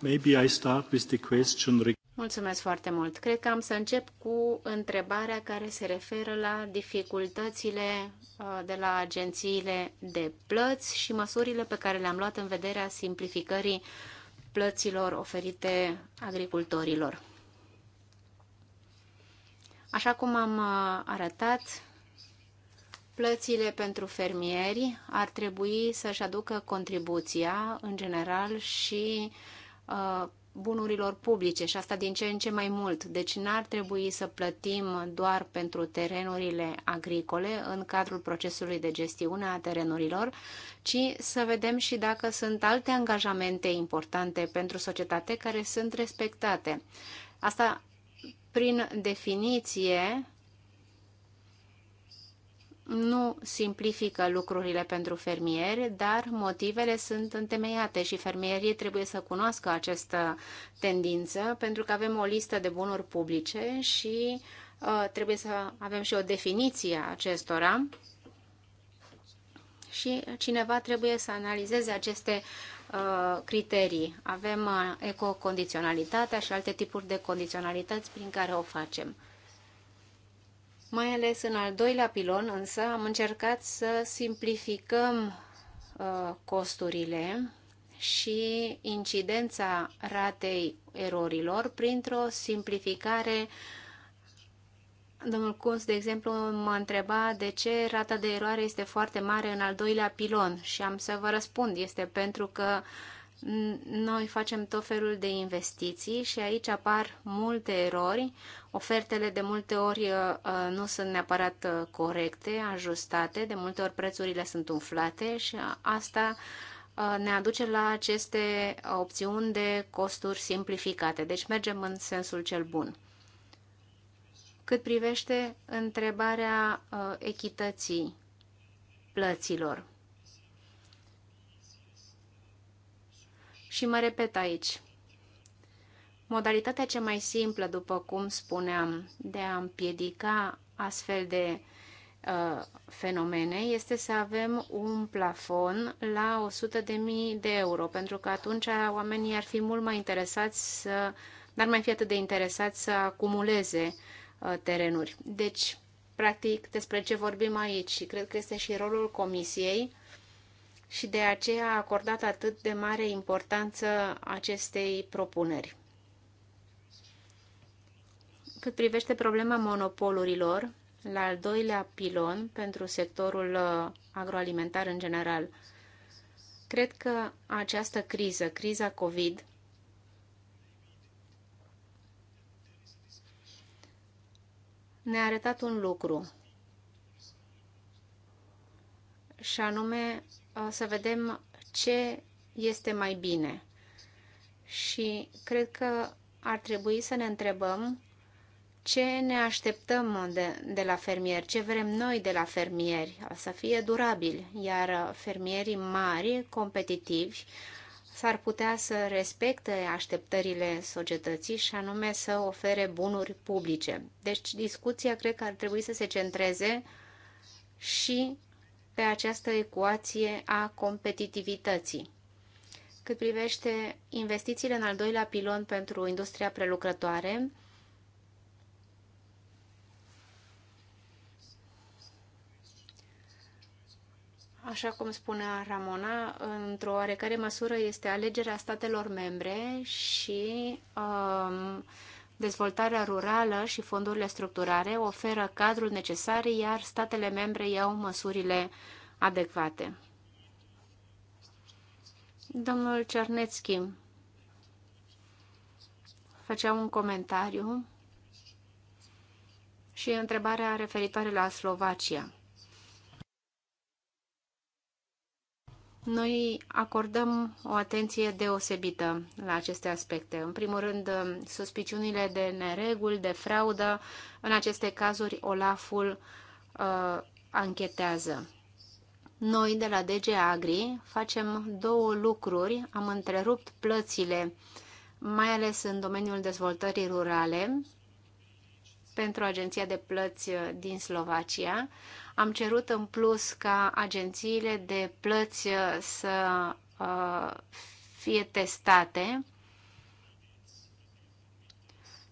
maybe I start with the question regarding. Mulțumesc foarte mult. Cred că am să încep cu întrebarea care se referă la dificultățile uh, de la agențiile de plăți și măsurile pe care le-am luat în vederea simplificării plăților oferite agricultorilor. Așa cum am uh, arătat, plățile pentru fermieri ar trebui să-și aducă contribuția în general și uh, bunurilor publice și asta din ce în ce mai mult. Deci n-ar trebui să plătim doar pentru terenurile agricole în cadrul procesului de gestiune a terenurilor, ci să vedem și dacă sunt alte angajamente importante pentru societate care sunt respectate. Asta, prin definiție, nu simplifică lucrurile pentru fermieri, dar motivele sunt întemeiate și fermierii trebuie să cunoască această tendință pentru că avem o listă de bunuri publice și uh, trebuie să avem și o definiție a acestora și cineva trebuie să analizeze aceste uh, criterii. Avem uh, ecocondiționalitatea și alte tipuri de condiționalități prin care o facem. Mai ales în al doilea pilon, însă, am încercat să simplificăm uh, costurile și incidența ratei erorilor printr-o simplificare. Domnul Kunz, de exemplu, mă întreba de ce rata de eroare este foarte mare în al doilea pilon și am să vă răspund. Este pentru că uh, noi facem tot felul de investiții și aici apar multe erori. Ofertele de multe ori uh, uh, nu sunt neapărat uh, corecte, ajustate, de multe ori prețurile sunt umflate și asta ne aduce la aceste opțiuni de costuri simplificate. Deci mergem în sensul cel bun. Cât privește întrebarea echității plăților, Și mă repet aici. Modalitatea cea mai simplă, după cum spuneam, de a împiedica astfel de uh, fenomene este să avem un plafon la 100.000 de euro, pentru că atunci oamenii ar fi mult mai interesați să, n-ar mai fi atât de interesați să acumuleze uh, terenuri. Deci, practic, despre ce vorbim aici și cred că este și rolul comisiei și de aceea a acordat atât de mare importanță acestei propuneri. Cât privește problema monopolurilor, la al doilea pilon pentru sectorul uh, agroalimentar în general, cred că această criză, criza COVID, ne-a arătat un lucru, și anume Uh, să vedem ce este mai bine. Și cred că ar trebui să ne întrebăm ce ne așteptăm de, de la fermieri, ce vrem noi de la fermieri, să fie durabil iar fermierii mari, competitivi, s-ar putea să respecte așteptările societății și anume să ofere bunuri publice. Deci discuția cred că ar trebui să se centreze și pe această ecuație a competitivității. Cât privește investițiile în al doilea pilon pentru industria prelucrătoare, așa cum spunea Ramona, într-o oarecare măsură este alegerea statelor membre și um, Dezvoltarea rurală și fondurile structurare oferă cadrul necesar, iar statele membre iau măsurile adecvate. Domnul Cernețchi făcea un comentariu și întrebarea referitoare la Slovacia. Noi acordăm o atenție deosebită la aceste aspecte. În primul rând, suspiciunile de nereguli, de fraudă. În aceste cazuri, Olaful uh, anchetează. Noi de la DG Agri facem două lucruri. Am întrerupt plățile, mai ales în domeniul dezvoltării rurale, pentru agenția de plăți uh, din Slovacia. Am cerut în plus ca agențiile de plăți uh, să uh, fie testate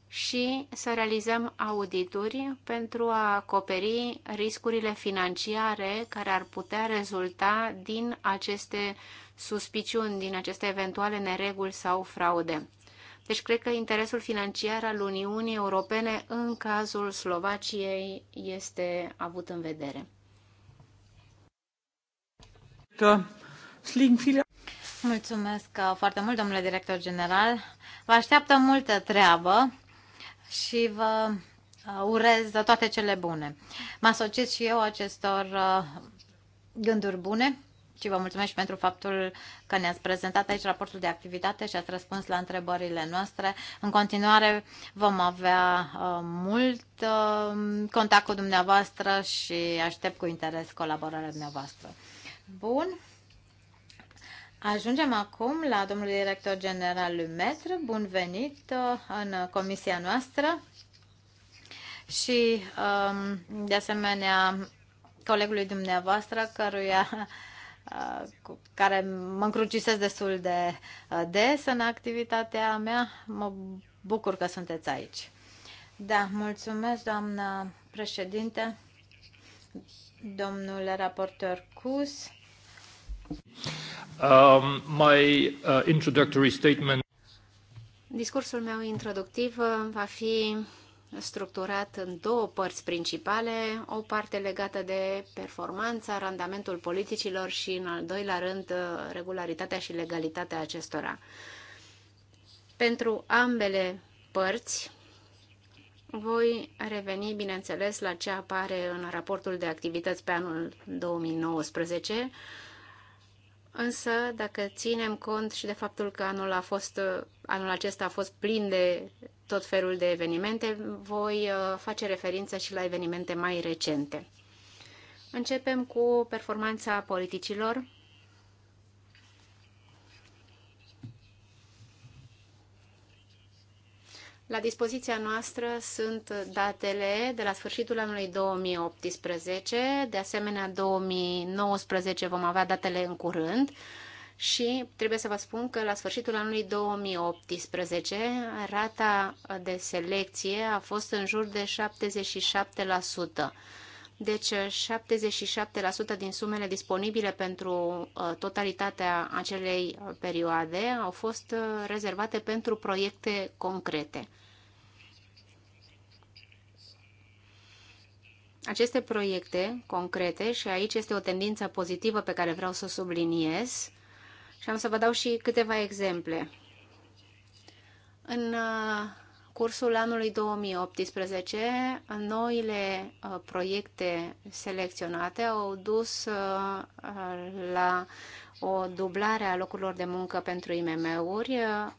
și să realizăm audituri pentru a acoperi riscurile financiare care ar putea rezulta din aceste suspiciuni, din aceste eventuale nereguli sau fraude. Deci cred că interesul financiar al Uniunii Europene în cazul Slovaciei este avut în vedere. Mulțumesc uh, foarte mult, domnule director general. Vă așteaptă multă treabă și vă uh, urez toate cele bune. Mă asociez și eu acestor uh, gânduri bune și vă mulțumesc și pentru faptul că ne-ați prezentat aici raportul de activitate și ați răspuns la întrebările noastre. În continuare vom avea uh, mult uh, contact cu dumneavoastră și aștept cu interes colaborarea dumneavoastră. Bun. Ajungem acum la domnul director general Lumetre. Bun venit uh, în comisia noastră și, um, de asemenea, colegului dumneavoastră, căruia cu care mă încrucișez destul de uh, des în activitatea mea. Mă bucur că sunteți aici. Da, mulțumesc, doamna președinte, domnule raportor Cus. Um, my uh, introductory statement. Discursul meu introductiv uh, va fi structurat în două părți principale, o parte legată de performanța, randamentul politicilor și, în al doilea rând, regularitatea și legalitatea acestora. Pentru ambele părți, voi reveni, bineînțeles, la ce apare în raportul de activități pe anul 2019, Însă, dacă ținem cont și de faptul că anul, a fost, anul acesta a fost plin de tot felul de evenimente, voi uh, face referință și la evenimente mai recente. Începem cu performanța politicilor La dispoziția noastră sunt datele de la sfârșitul anului 2018, de asemenea 2019 vom avea datele în curând și trebuie să vă spun că la sfârșitul anului 2018 rata de selecție a fost în jur de 77%. Deci 77% din sumele disponibile pentru uh, totalitatea acelei uh, perioade au fost uh, rezervate pentru proiecte concrete. Aceste proiecte concrete, și aici este o tendință pozitivă pe care vreau să o subliniez, și am să vă dau și câteva exemple. În cursul anului 2018, noile uh, proiecte selecționate au dus uh, la o dublare a locurilor de muncă pentru IMM-uri, uh,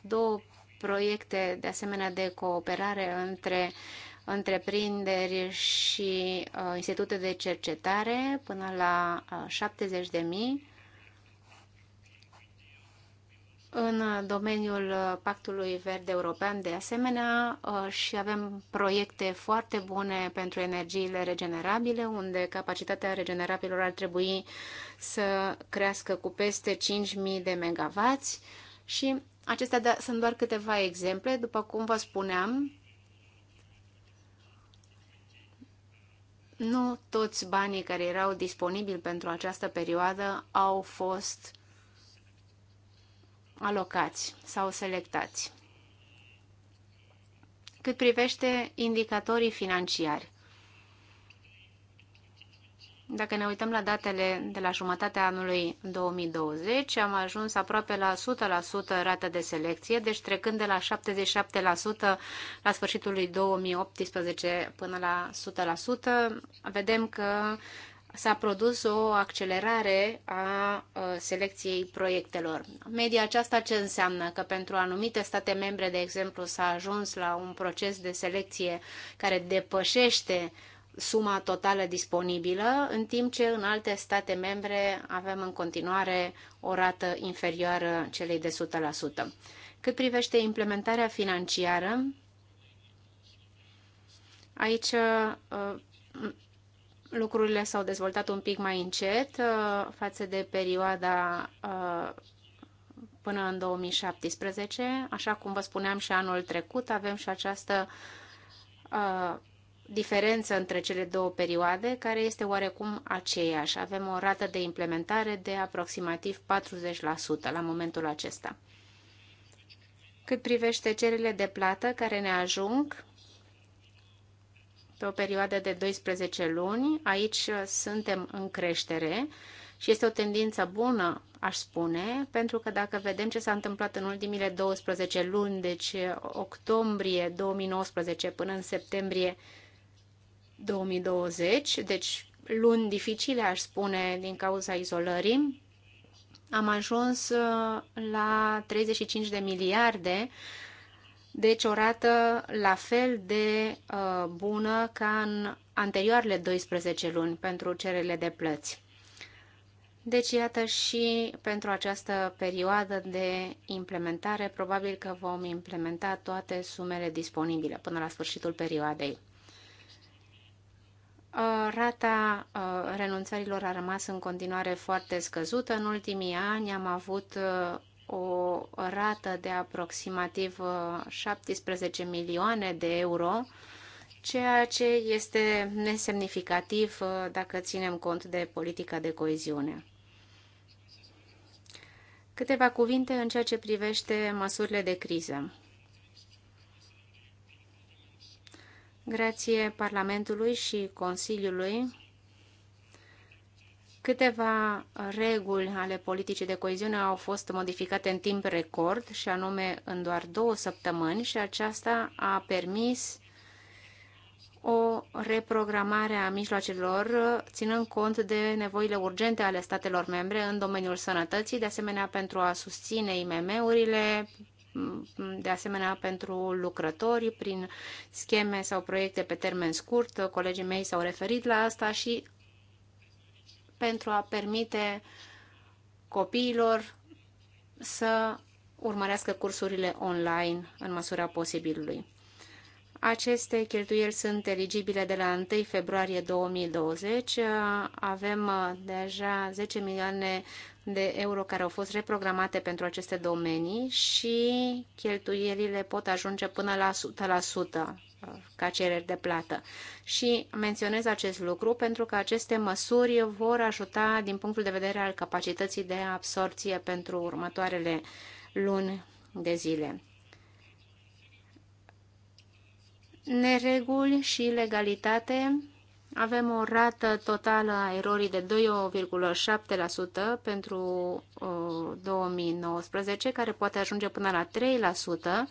două proiecte de asemenea de cooperare între întreprinderi și institute de cercetare până la 70 de mii în domeniul uh, Pactului Verde European de asemenea uh, și avem proiecte foarte bune pentru energiile regenerabile, unde capacitatea regenerabilor ar trebui să crească cu peste 5.000 de megavați și acestea da, sunt doar câteva exemple. După cum vă spuneam, nu toți banii care erau disponibili pentru această perioadă au fost alocați sau selectați. Cât privește indicatorii financiari, dacă ne uităm la datele de la jumătatea anului 2020, am ajuns aproape la 100% rată de selecție, deci trecând de la 77% la sfârșitul lui 2018 până la 100%, vedem că s-a produs o accelerare a uh, selecției proiectelor. Media aceasta ce înseamnă? Că pentru anumite state membre, de exemplu, s-a ajuns la un proces de selecție care depășește suma totală disponibilă, în timp ce în alte state membre avem în continuare o rată inferioară celei de 100%. Cât privește implementarea financiară, aici uh, lucrurile s-au dezvoltat un pic mai încet uh, față de perioada uh, până în 2017. Așa cum vă spuneam și anul trecut, avem și această uh, diferență între cele două perioade, care este oarecum aceeași. Avem o rată de implementare de aproximativ 40% la momentul acesta. Cât privește cererile de plată care ne ajung, pe o perioadă de 12 luni. Aici uh, suntem în creștere și este o tendință bună, aș spune, pentru că dacă vedem ce s-a întâmplat în ultimile 12 luni, deci uh, octombrie 2019 până în septembrie 2020, deci luni dificile, aș spune, din cauza izolării, am ajuns uh, la 35 de miliarde deci o rată la fel de uh, bună ca în anterioarele 12 luni pentru cererile de plăți. Deci, iată, și pentru această perioadă de implementare, probabil că vom implementa toate sumele disponibile până la sfârșitul perioadei. Uh, rata uh, renunțărilor a rămas în continuare foarte scăzută. În ultimii ani am avut uh, o rată de aproximativ 17 uh, milioane de euro, ceea ce este nesemnificativ uh, dacă ținem cont de politica de coeziune. Câteva cuvinte în ceea ce privește măsurile de criză. Grație Parlamentului și Consiliului, Câteva reguli ale politicii de coeziune au fost modificate în timp record și anume în doar două săptămâni și aceasta a permis o reprogramare a mijloacelor, ținând cont de nevoile urgente ale statelor membre în domeniul sănătății, de asemenea pentru a susține IMM-urile, de asemenea pentru lucrători prin scheme sau proiecte pe termen scurt. Colegii mei s-au referit la asta și pentru a permite copiilor să urmărească cursurile online în măsura posibilului. Aceste cheltuieli sunt eligibile de la 1 februarie 2020. Avem uh, deja 10 milioane de euro care au fost reprogramate pentru aceste domenii și cheltuielile pot ajunge până la 100% ca cereri de plată. Și menționez acest lucru pentru că aceste măsuri vor ajuta din punctul de vedere al capacității de absorție pentru următoarele luni de zile. Nereguli și legalitate avem o rată totală a erorii de 2,7% pentru 2019, uh, care poate ajunge până la 3%,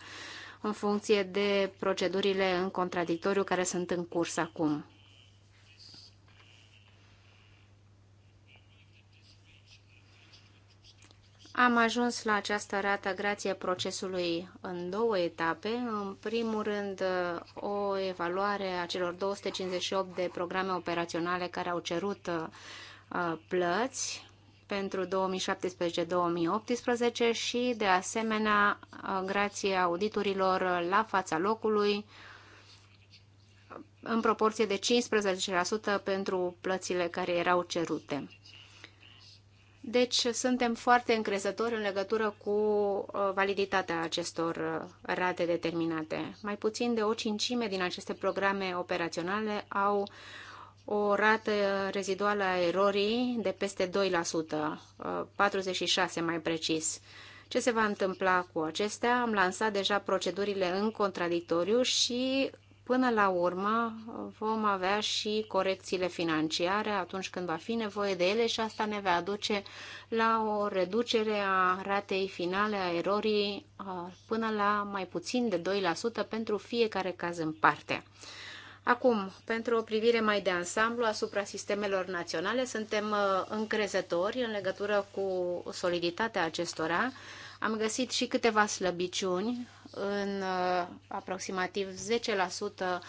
în funcție de procedurile în contradictoriu care sunt în curs acum. Am ajuns la această rată grație procesului în două etape. În primul rând, o evaluare a celor 258 de programe operaționale care au cerut uh, plăți pentru 2017-2018 și, de asemenea, grație auditorilor la fața locului, în proporție de 15% pentru plățile care erau cerute. Deci suntem foarte încrezători în legătură cu uh, validitatea acestor uh, rate determinate. Mai puțin de o cincime din aceste programe operaționale au o rată reziduală a erorii de peste 2%, 46 mai precis. Ce se va întâmpla cu acestea? Am lansat deja procedurile în contradictoriu și până la urmă vom avea și corecțiile financiare atunci când va fi nevoie de ele și asta ne va aduce la o reducere a ratei finale a erorii până la mai puțin de 2% pentru fiecare caz în parte. Acum, pentru o privire mai de ansamblu asupra sistemelor naționale, suntem uh, încrezători în legătură cu soliditatea acestora. Am găsit și câteva slăbiciuni în uh, aproximativ 10%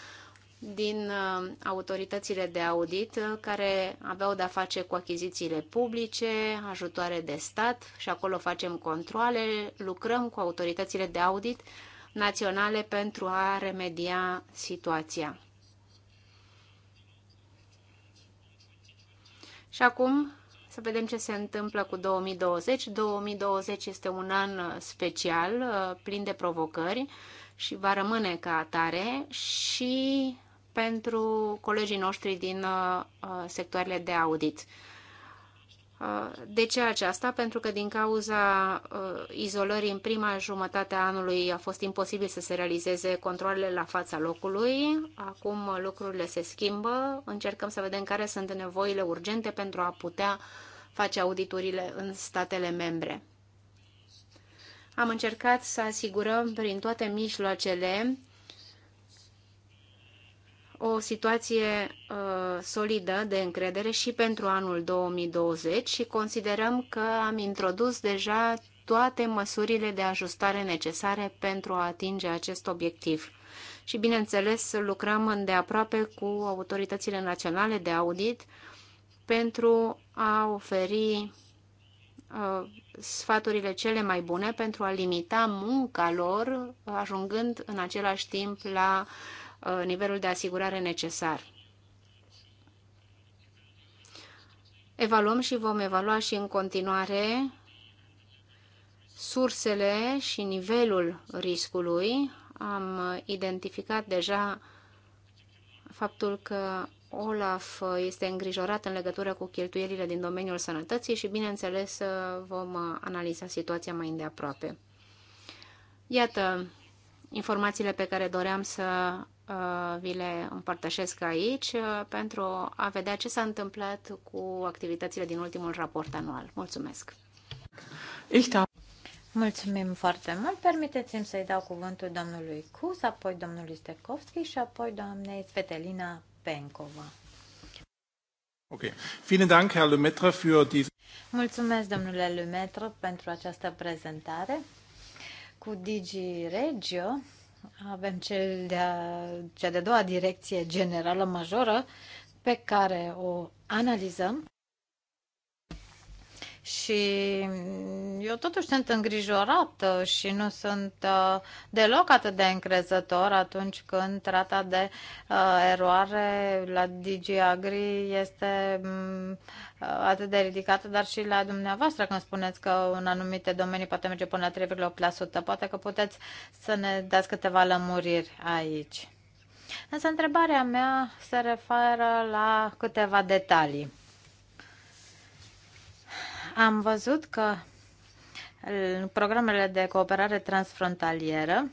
din uh, autoritățile de audit care aveau de-a face cu achizițiile publice, ajutoare de stat și acolo facem controle, lucrăm cu autoritățile de audit naționale pentru a remedia situația. Și acum să vedem ce se întâmplă cu 2020. 2020 este un an uh, special, uh, plin de provocări și va rămâne ca atare și pentru colegii noștri din uh, sectoarele de audit. Uh, de ce aceasta? Pentru că din cauza uh, izolării în prima jumătate a anului a fost imposibil să se realizeze controlele la fața locului. Acum lucrurile se schimbă. Încercăm să vedem care sunt nevoile urgente pentru a putea face auditurile în statele membre. Am încercat să asigurăm prin toate mijloacele o situație uh, solidă de încredere și pentru anul 2020 și considerăm că am introdus deja toate măsurile de ajustare necesare pentru a atinge acest obiectiv. Și, bineînțeles, lucrăm îndeaproape cu autoritățile naționale de audit pentru a oferi uh, sfaturile cele mai bune pentru a limita munca lor, ajungând în același timp la uh, Uh, nivelul de asigurare necesar. Evaluăm și vom evalua și în continuare sursele și nivelul riscului. Am identificat deja faptul că Olaf este îngrijorat în legătură cu cheltuielile din domeniul sănătății și, bineînțeles, vom analiza situația mai îndeaproape. Iată informațiile pe care doream să Uh, vi le împărtășesc aici uh, pentru a vedea ce s-a întâmplat cu activitățile din ultimul raport anual. Mulțumesc! Mulțumim foarte mult. Permiteți-mi să-i dau cuvântul domnului Cus, apoi domnului Stekovski și apoi doamnei Svetelina Pencova. Okay. Vielen Dank, Herr Lemaitre, für diese... Mulțumesc, domnule Lemaitre, pentru această prezentare. Cu Digi Regio avem cel de-a, cea de-a doua direcție generală majoră pe care o analizăm și eu totuși sunt îngrijorată și nu sunt uh, deloc atât de încrezător atunci când trata de uh, eroare la DigiAgri este mm, uh, atât de ridicată, dar și la dumneavoastră când spuneți că în anumite domenii poate merge până la 3,8%. Poate că puteți să ne dați câteva lămuriri aici. Însă întrebarea mea se referă la câteva detalii. Am văzut că în programele de cooperare transfrontalieră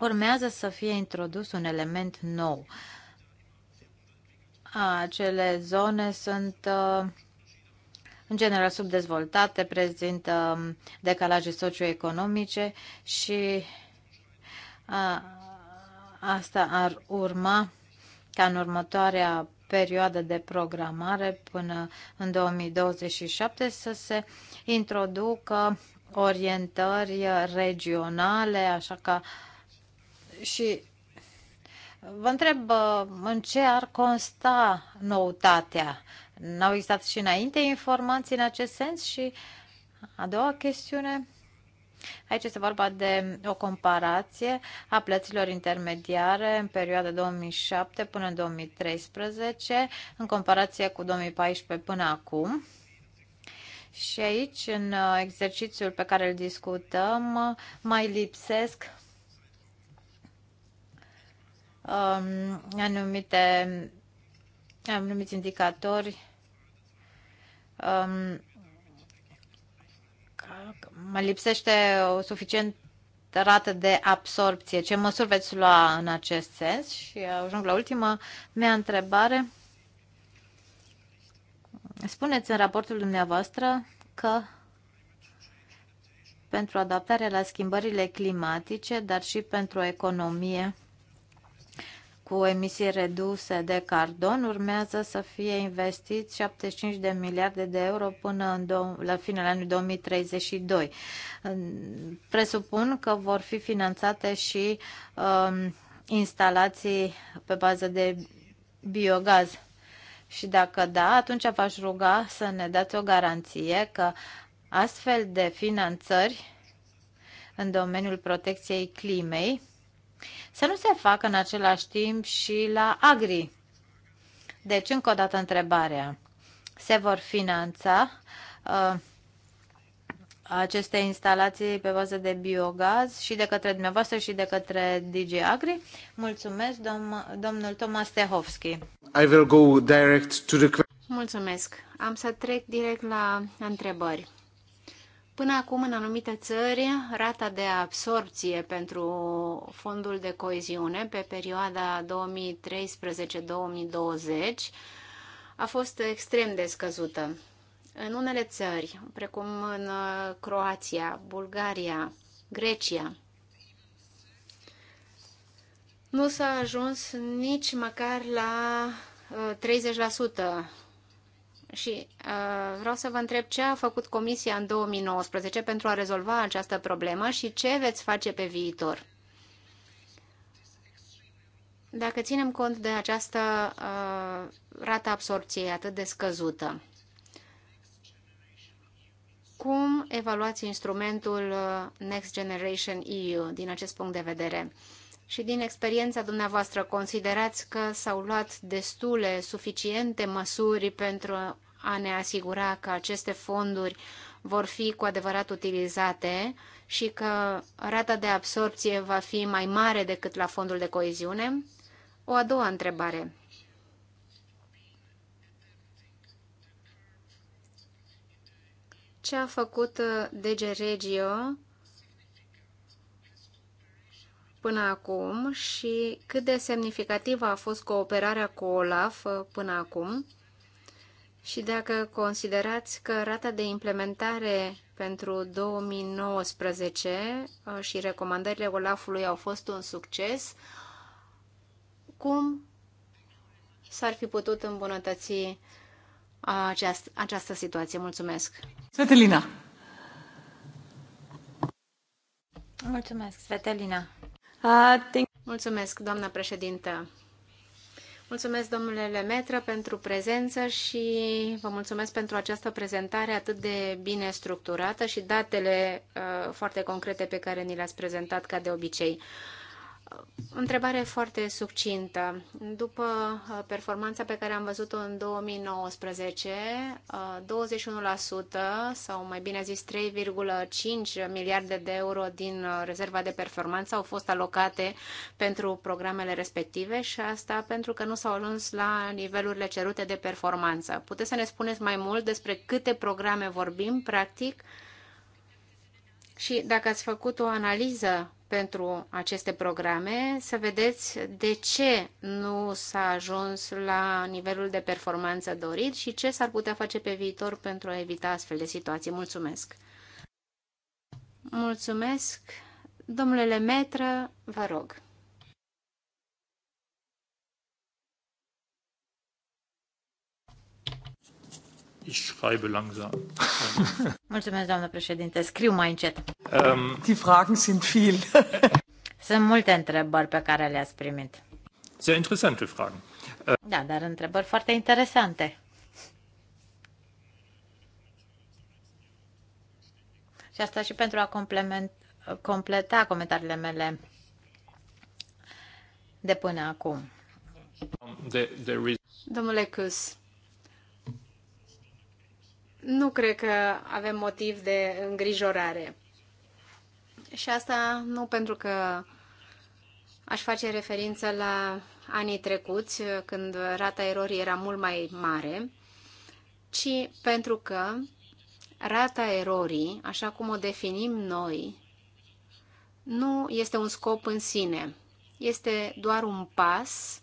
urmează să fie introdus un element nou. Acele zone sunt în general subdezvoltate, prezintă decalaje socioeconomice și asta ar urma ca în următoarea perioadă de programare până în 2027 să se introducă orientări regionale, așa ca și vă întreb în ce ar consta noutatea. N-au existat și înainte informații în acest sens și a doua chestiune Aici este vorba de o comparație a plăților intermediare în perioada 2007 până în 2013, în comparație cu 2014 până acum. Și aici, în uh, exercițiul pe care îl discutăm, mai lipsesc um, anumite indicatori um, mă lipsește o suficient rată de absorpție. Ce măsuri veți lua în acest sens? Și ajung la ultima mea întrebare. Spuneți în raportul dumneavoastră că pentru adaptarea la schimbările climatice, dar și pentru o economie cu emisii reduse de carbon, urmează să fie investiți 75 de miliarde de euro până în do- la finele anului 2032. Presupun că vor fi finanțate și um, instalații pe bază de biogaz. Și dacă da, atunci v-aș ruga să ne dați o garanție că astfel de finanțări în domeniul protecției climei să nu se facă în același timp și la agri. Deci, încă o dată întrebarea. Se vor finanța uh, aceste instalații pe bază de biogaz și de către dumneavoastră și de către DG Agri. Mulțumesc, dom- domnul Tomas Tehovski. I will go direct to the... Mulțumesc. Am să trec direct la întrebări. Până acum, în anumite țări, rata de absorpție pentru fondul de coeziune pe perioada 2013-2020 a fost extrem de scăzută. În unele țări, precum în uh, Croația, Bulgaria, Grecia, nu s-a ajuns nici măcar la 30% uh, și uh, vreau să vă întreb ce a făcut Comisia în 2019 pentru a rezolva această problemă și ce veți face pe viitor. Dacă ținem cont de această uh, rată absorpției atât de scăzută, cum evaluați instrumentul uh, Next Generation EU din acest punct de vedere? Uh, și din experiența dumneavoastră, considerați că s-au luat destule, suficiente măsuri pentru a ne asigura că aceste fonduri vor fi cu adevărat utilizate și că rata de absorpție va fi mai mare decât la fondul de coeziune? O a doua întrebare. Ce a făcut uh, DG Regio până acum și cât de semnificativă a fost cooperarea cu OLAF uh, până acum și dacă considerați că rata de implementare pentru 2019 uh, și recomandările OLAF-ului au fost un succes, cum s-ar fi putut îmbunătăți uh, aceast această situație? Mulțumesc! Svetelina! Mulțumesc, Svetelina! Uh, mulțumesc, doamnă președintă. Mulțumesc, domnule Lemetră, pentru prezență și vă mulțumesc pentru această prezentare atât de bine structurată și datele uh, foarte concrete pe care ni le-ați prezentat ca de obicei. Uh, Întrebare foarte succintă. După uh, performanța pe care am văzut-o în 2019, 21% uh, sau mai bine zis 3,5 miliarde de euro din uh, rezerva de performanță au fost alocate pentru programele respective și asta pentru că nu s-au ajuns la nivelurile cerute de performanță. Puteți să ne spuneți mai mult despre câte programe vorbim, practic? Și dacă ați făcut o analiză pentru aceste programe, să vedeți de ce nu s-a ajuns la nivelul de performanță dorit și ce s-ar putea face pe viitor pentru a evita astfel de situații. Mulțumesc! Mulțumesc! Domnule Lemetră, vă rog! Ich schreibe langsam. Mulțumesc, doamnă președinte. Scriu mai încet. Um, Die Fragen sind viel. Sunt multe întrebări pe care le-ați primit. Sehr interesante Fragen. Ehm. Da, dar întrebări foarte interesante. Și asta și pentru a completa comentariile mele de până acum. De, um, Domnule Cus, nu cred că avem motiv de îngrijorare. Și asta nu pentru că aș face referință la anii trecuți, când rata erorii era mult mai mare, ci pentru că rata erorii, așa cum o definim noi, nu este un scop în sine. Este doar un pas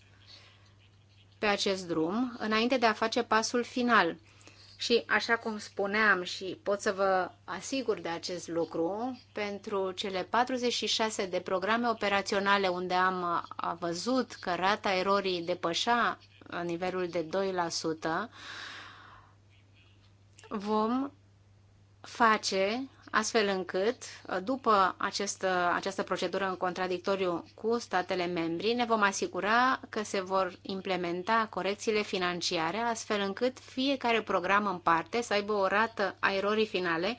pe acest drum, înainte de a face pasul final – și așa cum spuneam și pot să vă asigur de acest lucru, pentru cele 46 de programe operaționale unde am uh, văzut că rata erorii depășa uh, nivelul de 2%, vom face astfel încât, uh, după această, această procedură în contradictoriu cu statele membri, ne vom asigura că se vor implementa corecțiile financiare, astfel încât fiecare program în parte să aibă o rată a erorii finale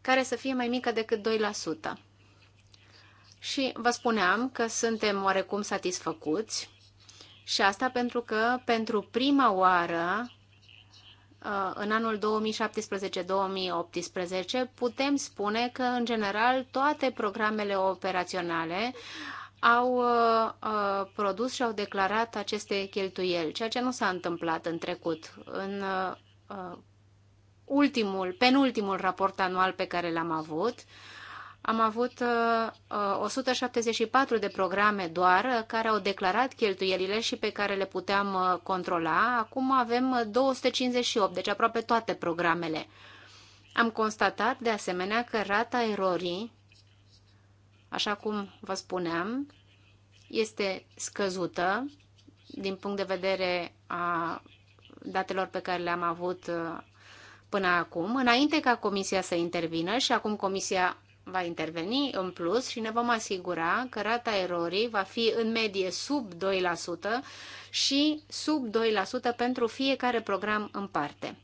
care să fie mai mică decât 2%. Și vă spuneam că suntem oarecum satisfăcuți și asta pentru că pentru prima oară Uh, în anul 2017-2018, putem spune că, în general, toate programele operaționale au uh, uh, produs și au declarat aceste cheltuieli, ceea ce nu s-a întâmplat în trecut. În uh, ultimul, penultimul raport anual pe care l-am avut, uh, am avut 174 uh, uh, de programe doar uh, care au declarat cheltuielile și pe care le puteam controla. Acum avem 258, deci aproape toate programele. Am constatat de asemenea că rata erorii, așa cum vă spuneam, este scăzută din punct de vedere a datelor pe care le-am avut până acum, înainte ca Comisia să intervină și acum Comisia va interveni în plus și ne vom asigura că rata erorii va fi în medie sub 2% și sub 2% pentru fiecare program în parte.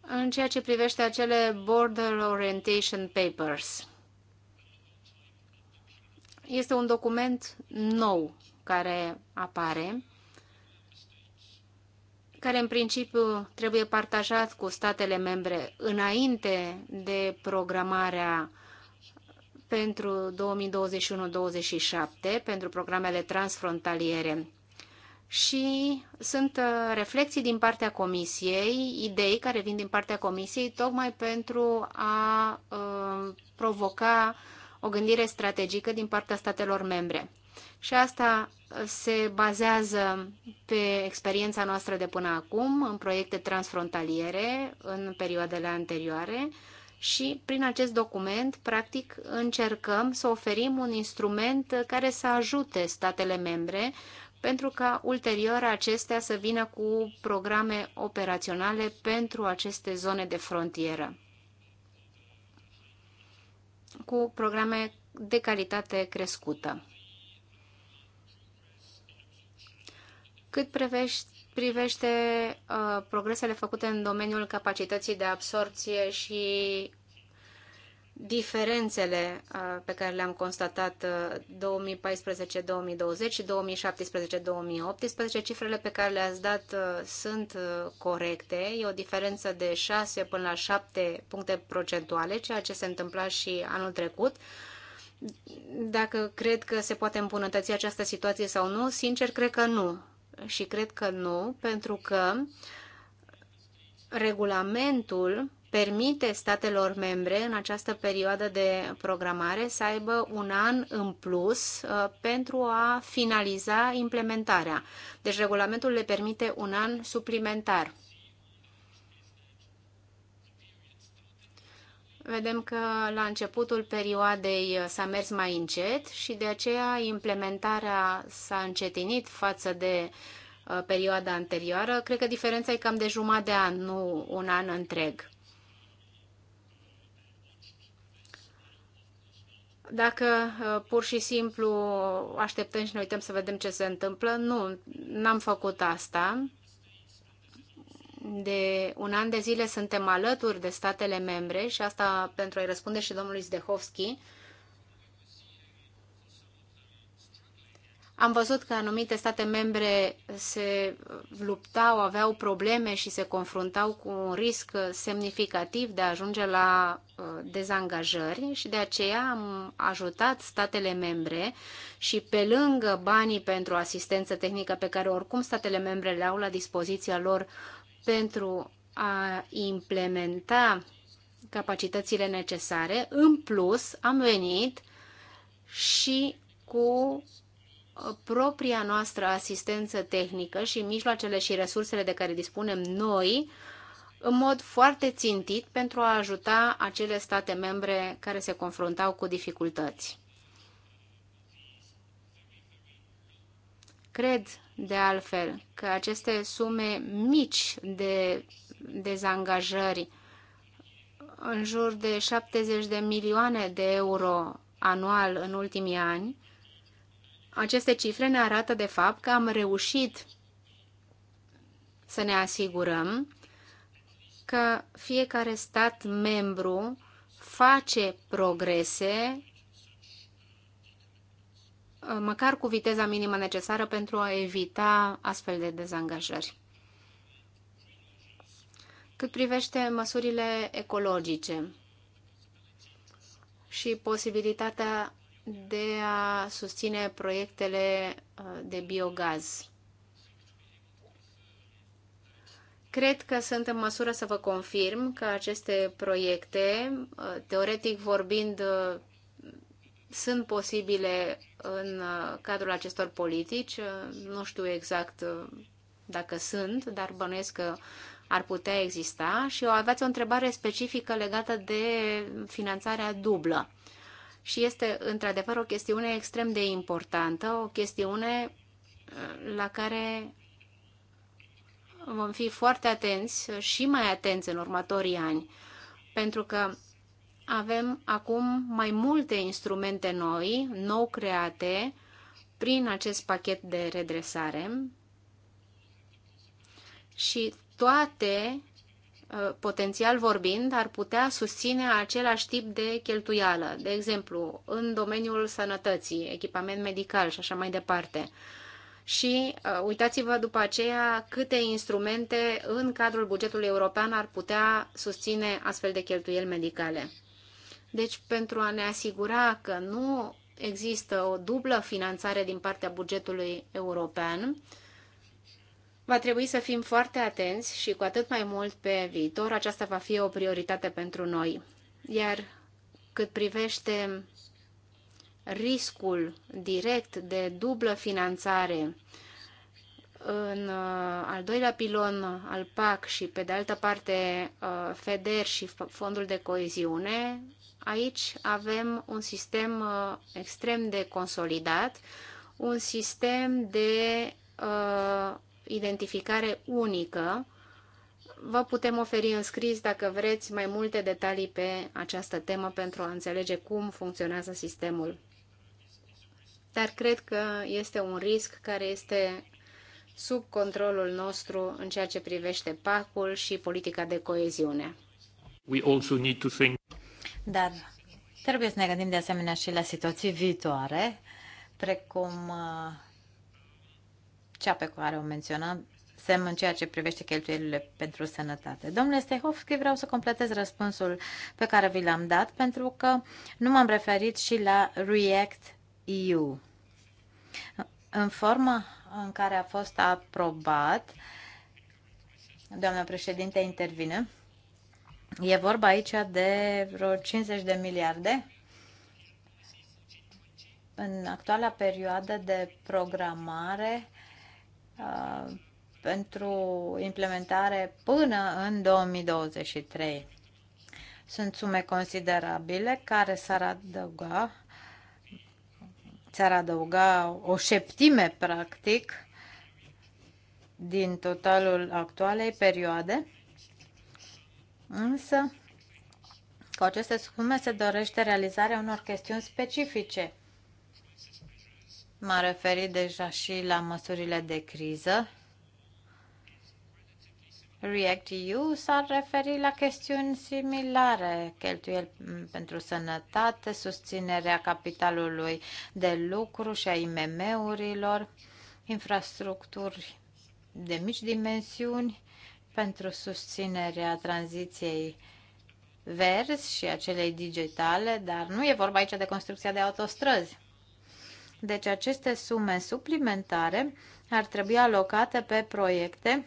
În ceea ce privește acele Border Orientation Papers, este un document nou care apare care în principiu trebuie partajat cu statele membre înainte de programarea pentru 2021-2027, pentru programele transfrontaliere. Și sunt uh, reflexii din partea Comisiei, idei care vin din partea Comisiei, tocmai pentru a uh, provoca o gândire strategică din partea statelor membre. Și asta se bazează pe experiența noastră de până acum, în proiecte transfrontaliere, în perioadele anterioare, și prin acest document, practic, încercăm să oferim un instrument care să ajute statele membre pentru ca ulterior acestea să vină cu programe operaționale pentru aceste zone de frontieră, cu programe de calitate crescută. Cât privește privește uh, progresele făcute în domeniul capacității de absorție și diferențele uh, pe care le-am constatat uh, 2014-2020 și 2017-2018, cifrele pe care le-ați dat uh, sunt uh, corecte. E o diferență de 6 până la 7 puncte procentuale, ceea ce se întâmpla și anul trecut. Dacă cred că se poate îmbunătăți această situație sau nu, sincer, cred că nu și cred că nu, pentru că regulamentul permite statelor membre în această perioadă de programare să aibă un an în plus uh, pentru a finaliza implementarea. Deci regulamentul le permite un an suplimentar. vedem că la începutul perioadei uh, s-a mers mai încet și de aceea implementarea s-a încetinit față de uh, perioada anterioară. Cred că diferența e cam de jumătate de an, nu un an întreg. dacă uh, pur și simplu așteptăm și ne uităm să vedem ce se întâmplă, nu, n-am făcut asta de un an de zile suntem alături de statele membre și asta pentru a-i răspunde și domnului Zdehovski. Am văzut că anumite state membre se luptau, aveau probleme și se confruntau cu un risc semnificativ de a ajunge la uh, dezangajări și de aceea am ajutat statele membre și pe lângă banii pentru asistență tehnică pe care oricum statele membre le au la dispoziția lor pentru a implementa capacitățile necesare. În plus, am venit și cu propria noastră asistență tehnică și mijloacele și resursele de care dispunem noi în mod foarte țintit pentru a ajuta acele state membre care se confruntau cu dificultăți. Cred de altfel că aceste sume mici de dezangajări, în jur de 70 de milioane de euro anual în ultimii ani, aceste cifre ne arată de fapt că am reușit să ne asigurăm că fiecare stat membru face progrese Uh, măcar cu viteza minimă necesară pentru a evita astfel de dezangajări. Cât privește măsurile ecologice și posibilitatea de a susține proiectele uh, de biogaz. Cred că sunt în măsură să vă confirm că aceste proiecte, uh, teoretic vorbind, sunt posibile în uh, cadrul acestor politici. Uh, nu știu exact uh, dacă sunt, dar bănuiesc că ar putea exista și o aveați o întrebare specifică legată de finanțarea dublă. Și este într-adevăr o chestiune extrem de importantă, o chestiune la care vom fi foarte atenți și mai atenți în următorii ani, pentru că avem acum mai multe instrumente noi, nou create, prin acest pachet de redresare și toate, uh, potențial vorbind, ar putea susține același tip de cheltuială. De exemplu, în domeniul sănătății, echipament medical și așa mai departe. Și uh, uitați-vă după aceea câte instrumente în cadrul bugetului european ar putea susține astfel de cheltuieli medicale. Deci, pentru a ne asigura că nu există o dublă finanțare din partea bugetului european, va trebui să fim foarte atenți și cu atât mai mult pe viitor. Aceasta va fi o prioritate pentru noi. Iar cât privește riscul direct de dublă finanțare în uh, al doilea pilon al PAC și pe de altă parte uh, FEDER și Fondul de Coeziune, Aici avem un sistem uh, extrem de consolidat, un sistem de uh, identificare unică. Vă putem oferi în scris, dacă vreți, mai multe detalii pe această temă pentru a înțelege cum funcționează sistemul. Dar cred că este un risc care este sub controlul nostru în ceea ce privește PAC-ul și politica de coeziune. We also need to think dar trebuie să ne gândim de asemenea și la situații viitoare, precum uh, cea pe care o menționam sem în ceea ce privește cheltuielile pentru sănătate. Domnule Stehovski, vreau să completez răspunsul pe care vi l-am dat pentru că nu m-am referit și la React EU. În forma în care a fost aprobat, doamna președinte intervine, E vorba aici de vreo 50 de miliarde. În actuala perioadă de programare uh, pentru implementare până în 2023. Sunt sume considerabile care s-ar adăuga ți-ar adăuga o șeptime practic din totalul actualei perioade Însă, cu aceste sume se dorește realizarea unor chestiuni specifice. m a referit deja și la măsurile de criză. REACT-EU s-ar referi la chestiuni similare, cheltuieli pentru sănătate, susținerea capitalului de lucru și a IMM-urilor, infrastructuri de mici dimensiuni pentru susținerea tranziției verzi și a celei digitale, dar nu e vorba aici de construcția de autostrăzi. Deci aceste sume suplimentare ar trebui alocate pe proiecte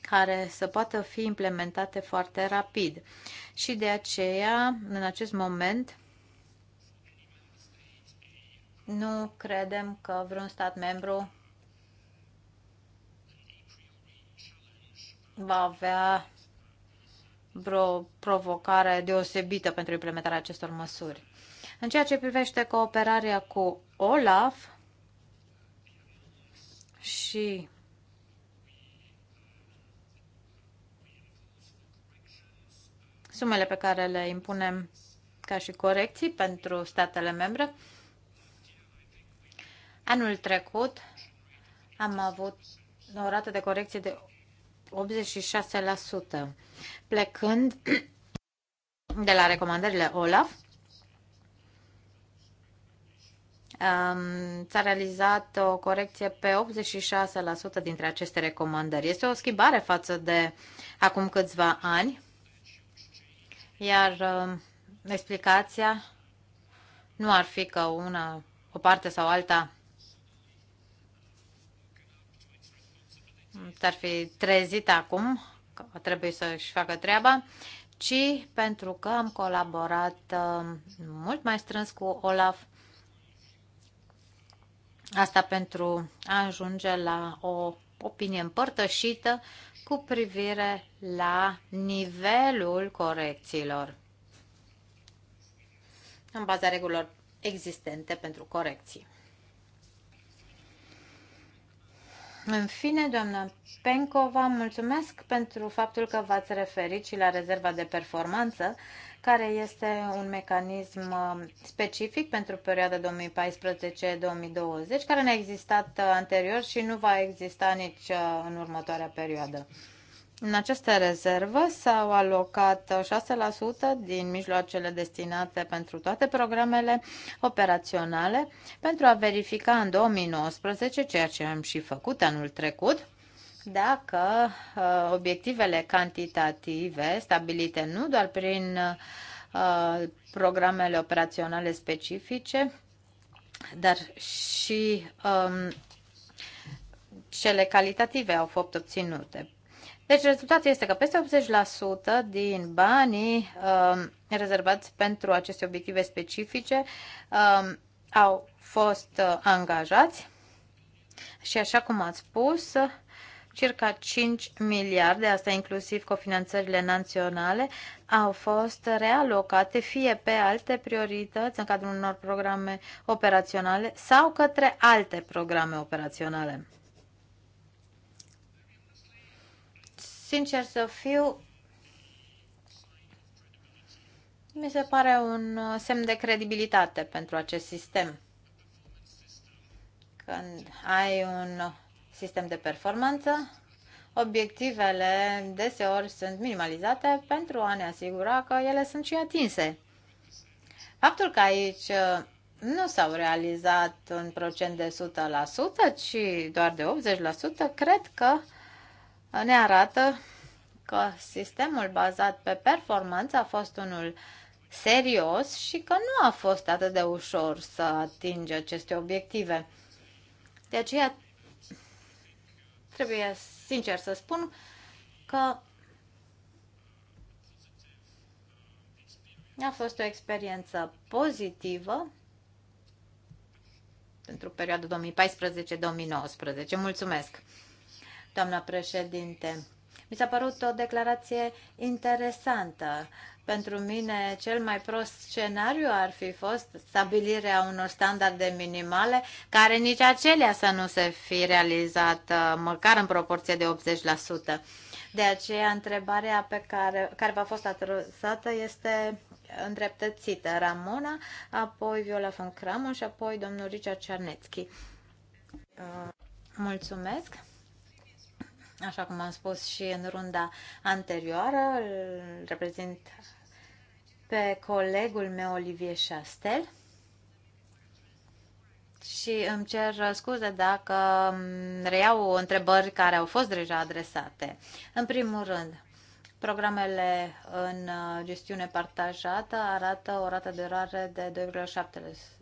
care să poată fi implementate foarte rapid. Și de aceea, în acest moment, nu credem că vreun stat membru va avea vreo provocare deosebită pentru implementarea acestor măsuri. În ceea ce privește cooperarea cu OLAF și sumele pe care le impunem ca și corecții pentru statele membre, anul trecut am avut o rată de corecție de 86%, plecând de la recomandările OLAF, S-a realizat o corecție pe 86% dintre aceste recomandări. Este o schimbare față de acum câțiva ani, iar um, explicația nu ar fi că una, o parte sau alta s-ar fi trezit acum că trebuie să-și facă treaba, ci pentru că am colaborat uh, mult mai strâns cu Olaf. Asta pentru a ajunge la o opinie împărtășită cu privire la nivelul corecțiilor în baza regulilor existente pentru corecții. În fine, doamna Pencova, mulțumesc pentru faptul că v-ați referit și la rezerva de performanță, care este un mecanism uh, specific pentru perioada 2014-2020, care n a existat uh, anterior și nu va exista nici uh, în următoarea perioadă. În această rezervă s-au alocat 6% din mijloacele destinate pentru toate programele operaționale pentru a verifica în 2019, ceea ce am și făcut anul trecut, dacă uh, obiectivele cantitative stabilite nu doar prin uh, programele operaționale specifice, dar și um, cele calitative au fost obținute. Deci rezultatul este că peste 80% din banii uh, rezervați pentru aceste obiective specifice uh, au fost uh, angajați și așa cum ați spus, circa 5 miliarde, asta inclusiv cofinanțările naționale, au fost realocate fie pe alte priorități în cadrul unor programe operaționale sau către alte programe operaționale. Sincer să fiu, mi se pare un uh, semn de credibilitate pentru acest sistem. Când ai un sistem de performanță, obiectivele deseori sunt minimalizate pentru a ne asigura că ele sunt și atinse. Faptul că aici uh, nu s-au realizat un procent de 100%, ci doar de 80%, cred că ne arată că sistemul bazat pe performanță a fost unul serios și că nu a fost atât de ușor să atingi aceste obiective. De aceea trebuie sincer să spun că a fost o experiență pozitivă pentru perioada 2014-2019. Mulțumesc! doamna președinte. Mi s-a părut o declarație interesantă. Pentru mine, cel mai prost scenariu ar fi fost stabilirea unor standarde minimale, care nici acelea să nu se fi realizat, uh, măcar în proporție de 80%. De aceea, întrebarea pe care, care v-a fost adresată este îndreptățită. Ramona, apoi Viola von Cramon și apoi domnul Richard Cernetski. Uh. Mulțumesc! Așa cum am spus și în runda anterioară, îl reprezint pe colegul meu Olivier Chastel și îmi cer scuze dacă reiau întrebări care au fost deja adresate. În primul rând, programele în gestiune partajată arată o rată de eroare de 2,7%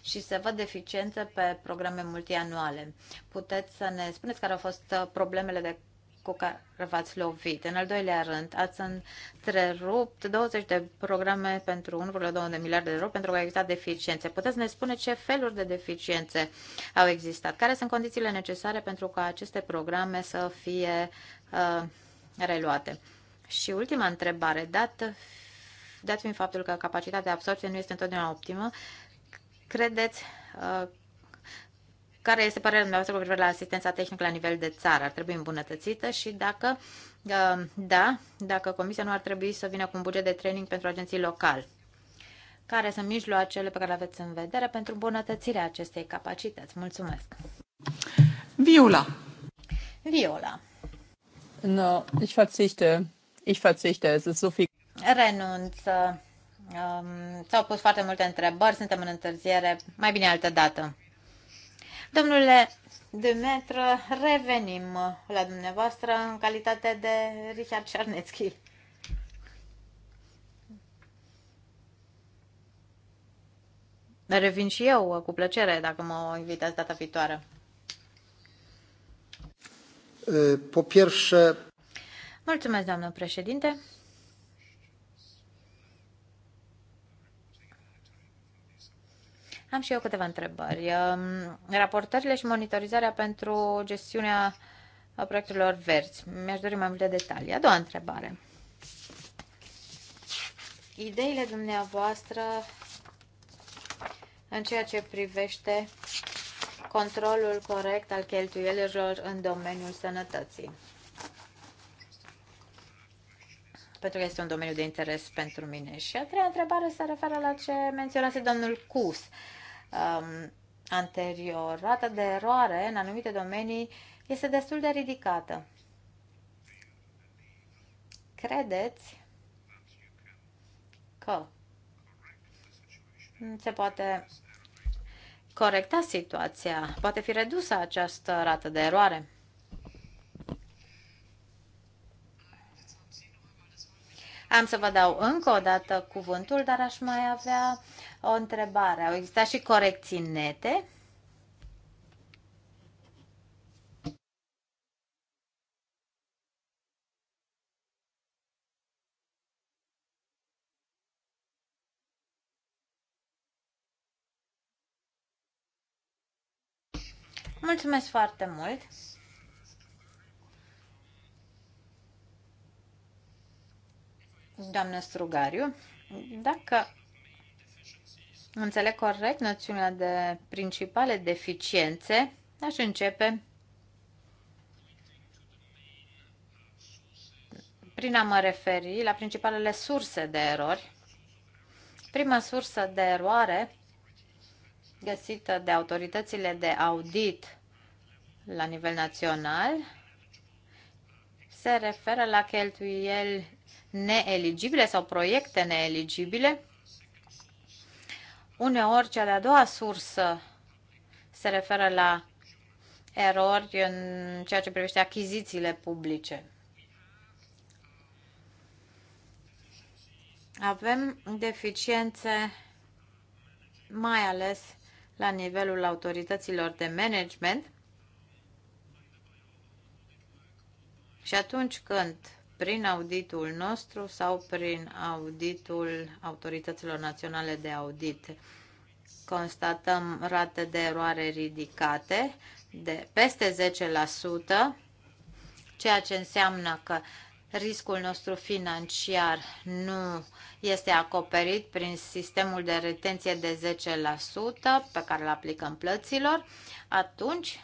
și se văd deficiențe pe programe multianuale. Puteți să ne spuneți care au fost uh, problemele de cu care v-ați lovit. În al doilea rând, ați întrerupt 20 de programe pentru 1,2 de miliarde de euro pentru că au existat deficiențe. Puteți ne spune ce feluri de deficiențe au existat? Care sunt condițiile necesare pentru ca aceste programe să fie uh, reluate? Și ultima întrebare, dată dat fiind faptul că capacitatea de absorbție nu este întotdeauna optimă, credeți uh, care este părerea dumneavoastră cu privire la asistența tehnică la nivel de țară? Ar trebui îmbunătățită și dacă uh, da, dacă Comisia nu ar trebui să vină cu un buget de training pentru agenții locali? Care sunt mijloacele pe care le aveți în vedere pentru îmbunătățirea acestei capacități? Mulțumesc! Viola. Viola. No, ich verzichte. Ich verzichte. Es ist so viel renunță. Um, s-au pus foarte multe întrebări, suntem în întârziere, mai bine altă dată. Domnule Dumetru, revenim la dumneavoastră în calitate de Richard Cernețchi. Revin și eu cu plăcere dacă mă invitați data viitoare. Po pierwsze... Mulțumesc, doamnă președinte. Am și eu câteva întrebări. Ehm, raportările și monitorizarea pentru gestiunea proiectelor verzi. Mi-aș dori mai multe detalii. A doua întrebare. Ideile dumneavoastră în ceea ce privește controlul corect al cheltuielilor în domeniul sănătății. Pentru că este un domeniu de interes pentru mine. Și a treia întrebare se referă la ce menționase domnul Cus um, anterior. Rata de eroare în anumite domenii este destul de ridicată. Credeți că se poate corecta situația, poate fi redusă această rată de eroare? Am să vă dau încă o dată cuvântul, dar aș mai avea o întrebare. Au existat și corecții nete? Mulțumesc foarte mult! doamnă Strugariu, dacă înțeleg corect noțiunea de principale deficiențe, aș începe prin a mă referi la principalele surse de erori. Prima sursă de eroare găsită de autoritățile de audit la nivel național se referă la cheltuieli neeligibile sau proiecte neeligibile. Uneori, cea de-a doua sursă se referă la erori în ceea ce privește achizițiile publice. Avem deficiențe mai ales la nivelul autorităților de management și atunci când prin auditul nostru sau prin auditul autorităților naționale de audit. Constatăm rate de eroare ridicate de peste 10%, ceea ce înseamnă că riscul nostru financiar nu este acoperit prin sistemul de retenție de 10% pe care îl aplicăm plăților, atunci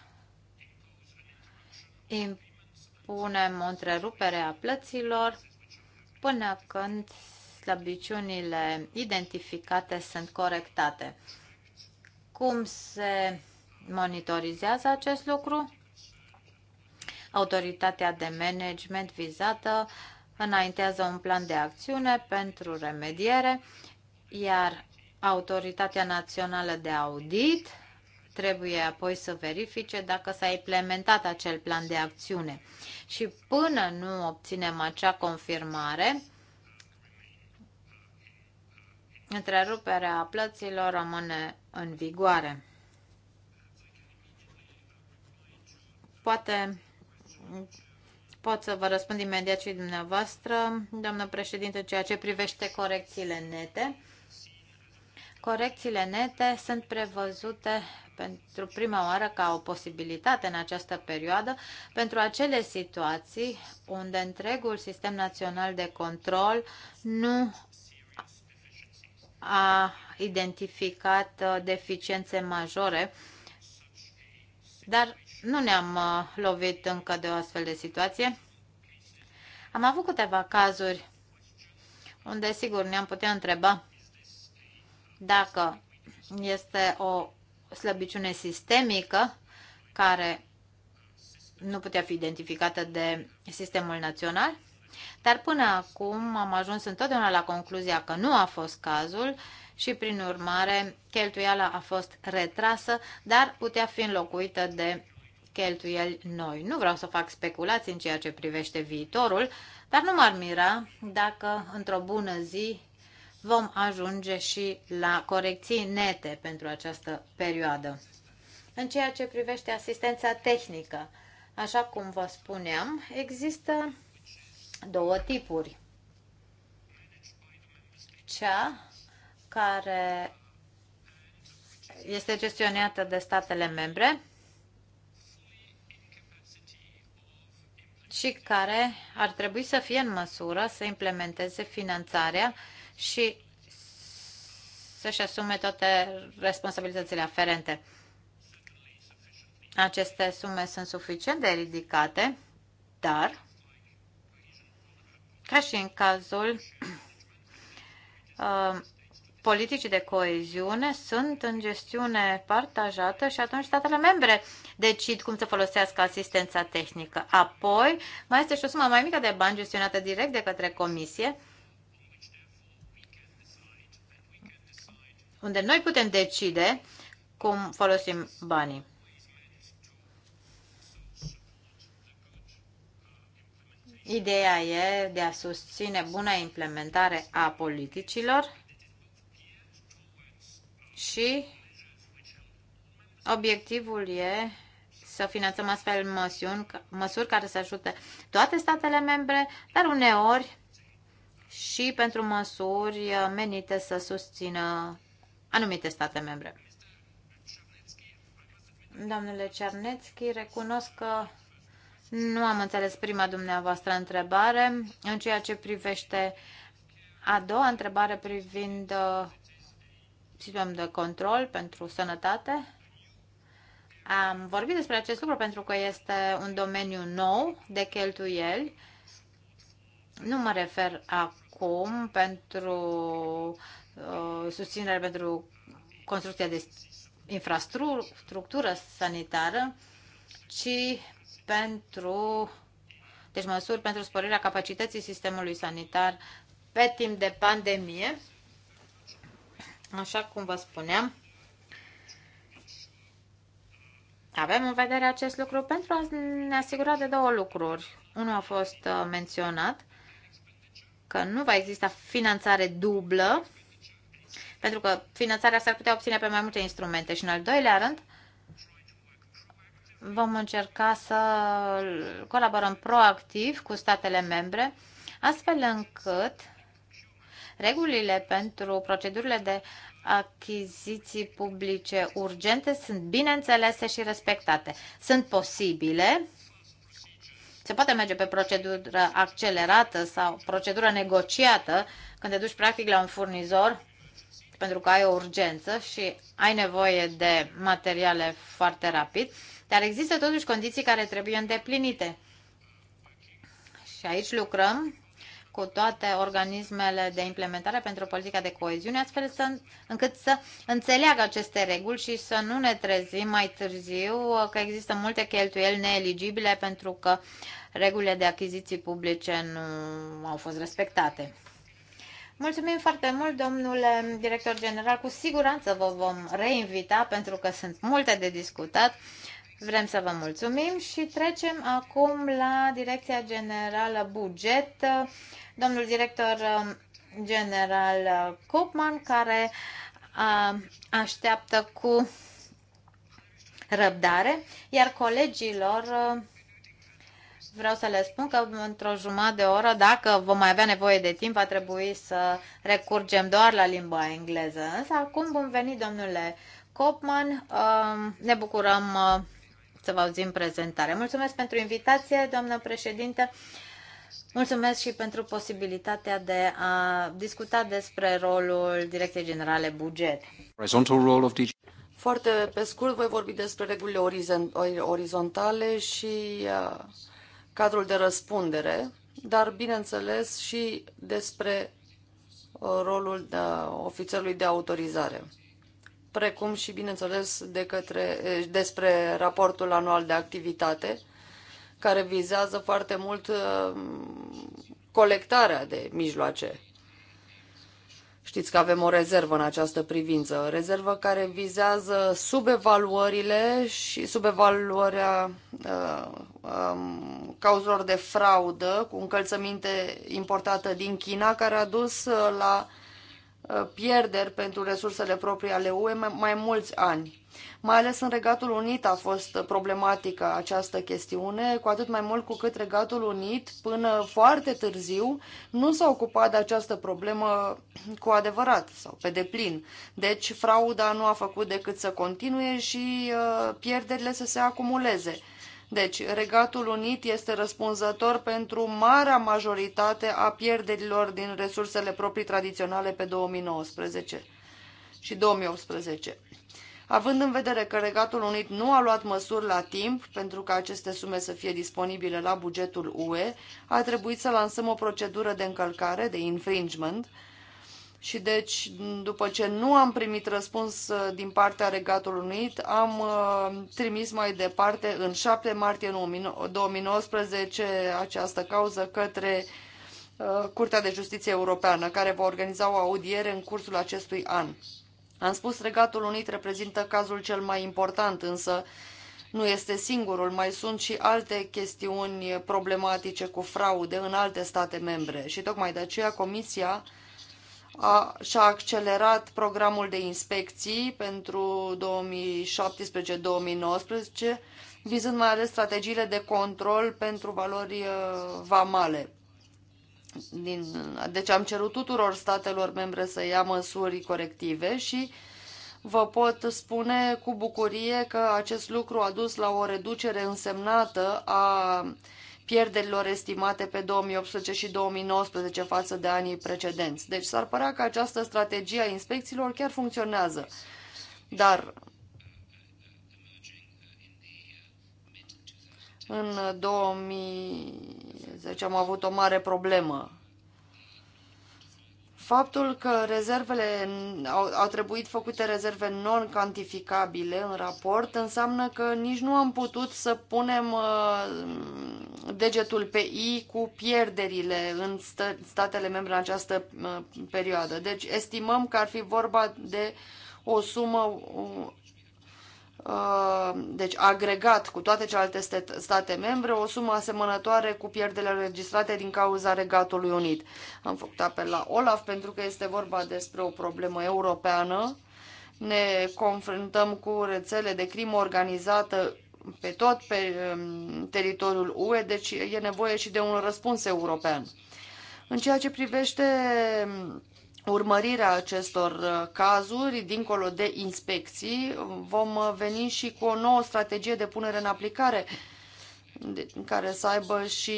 punem o întrerupere a plăților până când slăbiciunile identificate sunt corectate. Cum se monitorizează acest lucru? Autoritatea de management vizată înaintează un plan de acțiune pentru remediere, iar Autoritatea Națională de Audit Trebuie apoi să verifice dacă s-a implementat acel plan de acțiune. Și până nu obținem acea confirmare, întreruperea plăților rămâne în vigoare. Poate pot să vă răspund imediat și dumneavoastră, doamnă președinte, ceea ce privește corecțiile nete. Corecțiile nete sunt prevăzute pentru prima oară ca o posibilitate în această perioadă pentru acele situații unde întregul sistem național de control nu a identificat uh, deficiențe majore, dar nu ne-am uh, lovit încă de o astfel de situație. Am avut câteva cazuri unde, sigur, ne-am putea întreba dacă este o slăbiciune sistemică care nu putea fi identificată de sistemul național, dar până acum am ajuns întotdeauna la concluzia că nu a fost cazul și, prin urmare, cheltuiala a fost retrasă, dar putea fi înlocuită de cheltuieli noi. Nu vreau să fac speculații în ceea ce privește viitorul, dar nu m-ar mira dacă într-o bună zi vom ajunge și la corecții nete pentru această perioadă. În ceea ce privește asistența tehnică, așa cum vă spuneam, există două tipuri. Cea care este gestionată de statele membre și care ar trebui să fie în măsură să implementeze finanțarea și să-și asume toate responsabilitățile aferente. Aceste sume sunt suficient de ridicate, dar, ca și în cazul uh, politicii de coeziune, sunt în gestiune partajată și atunci statele membre decid cum să folosească asistența tehnică. Apoi, mai este și o sumă mai mică de bani gestionată direct de către comisie, unde noi putem decide cum folosim banii. Ideea e de a susține buna implementare a politicilor și obiectivul e să finanțăm astfel măsiuni, măsuri care să ajute toate statele membre, dar uneori și pentru măsuri menite să susțină anumite state membre. Domnule Cernețchi, recunosc că nu am înțeles prima dumneavoastră întrebare. În ceea ce privește a doua întrebare privind uh, sistemul de control pentru sănătate, am vorbit despre acest lucru pentru că este un domeniu nou de cheltuieli. Nu mă refer acum pentru Uh, susținere pentru construcția de infrastructură sanitară, ci pentru deci măsuri pentru sporirea capacității sistemului sanitar pe timp de pandemie. Așa cum vă spuneam, avem în vedere acest lucru pentru a ne asigura de două lucruri. Unul a fost uh, menționat, că nu va exista finanțare dublă pentru că finanțarea s-ar putea obține pe mai multe instrumente. Și în al doilea rând, vom încerca să colaborăm proactiv cu statele membre, astfel încât regulile pentru procedurile de achiziții publice urgente sunt bine înțelese și respectate. Sunt posibile, se poate merge pe procedură accelerată sau procedură negociată când te duci practic la un furnizor pentru că ai o urgență și ai nevoie de materiale foarte rapid, dar există totuși condiții care trebuie îndeplinite. Și aici lucrăm cu toate organismele de implementare pentru politica de coeziune, astfel să, încât să înțeleagă aceste reguli și să nu ne trezim mai târziu că există multe cheltuieli neeligibile pentru că regulile de achiziții publice nu au fost respectate. Mulțumim foarte mult, domnule director general. Cu siguranță vă vom reinvita pentru că sunt multe de discutat. Vrem să vă mulțumim și trecem acum la Direcția Generală Buget. Domnul director um, general uh, Kopman, care uh, așteaptă cu răbdare, iar colegilor uh, vreau să le spun că într-o jumătate de oră, dacă vom mai avea nevoie de timp, va trebui să recurgem doar la limba engleză. Însă acum bun venit, domnule Copman. Um, ne bucurăm uh, să vă auzim prezentare. Mulțumesc pentru invitație, doamnă președinte. Mulțumesc și pentru posibilitatea de a discuta despre rolul Direcției Generale Buget. Foarte pe scurt voi vorbi despre regulile orizontale și uh, cadrul de răspundere, dar, bineînțeles, și despre uh, rolul de da, ofițerului de autorizare, precum și, bineînțeles, de către, eh, despre raportul anual de activitate, care vizează foarte mult uh, colectarea de mijloace Știți că avem o rezervă în această privință, rezervă care vizează subevaluările și subevaluarea uh, um, cauzelor de fraudă cu încălțăminte importată din China, care a dus uh, la Uh, pierderi pentru resursele proprii ale UE mai mulți ani. Mai ales în Regatul Unit a fost problematică această chestiune, cu atât mai mult cu cât Regatul Unit, până foarte târziu, nu s-a ocupat de această problemă cu adevărat sau pe deplin. Deci frauda nu a făcut decât să continue și uh, pierderile să se acumuleze. Deci, Regatul Unit este răspunzător pentru marea majoritate a pierderilor din resursele proprii tradiționale pe 2019 și 2018. Având în vedere că Regatul Unit nu a luat măsuri la timp pentru ca aceste sume să fie disponibile la bugetul UE, a trebuit să lansăm o procedură de încălcare, de infringement, și deci, după ce nu am primit răspuns uh, din partea Regatului Unit, am uh, trimis mai departe în 7 martie 2019 această cauză către uh, Curtea de Justiție Europeană, care va organiza o audiere în cursul acestui an. Am spus, Regatul Unit reprezintă cazul cel mai important, însă nu este singurul, mai sunt și alte chestiuni problematice cu fraude în alte state membre și tocmai de aceea Comisia a, și-a accelerat programul de inspecții pentru 2017-2019, vizând mai ales strategiile de control pentru valori uh, vamale. Din, deci am cerut tuturor statelor membre să ia măsuri corective și vă pot spune cu bucurie că acest lucru a dus la o reducere însemnată a pierderilor estimate pe 2018 și 2019 față de anii precedenți. Deci s-ar părea că această strategie a inspecțiilor chiar funcționează. Dar în 2010 am avut o mare problemă Faptul că rezervele au, au trebuit făcute rezerve non-cantificabile în raport înseamnă că nici nu am putut să punem uh, degetul pe i cu pierderile în stă, statele membre în această uh, perioadă. Deci estimăm că ar fi vorba de o sumă uh, Uh, deci agregat cu toate celelalte state membre, o sumă asemănătoare cu pierderile registrate din cauza Regatului Unit. Am făcut apel la Olaf pentru că este vorba despre o problemă europeană. Ne confruntăm cu rețele de crimă organizată pe tot pe um, teritoriul UE, deci e nevoie și de un răspuns european. În ceea ce privește um, urmărirea acestor uh, cazuri, dincolo de inspecții, vom uh, veni și cu o nouă strategie de punere în aplicare care să aibă și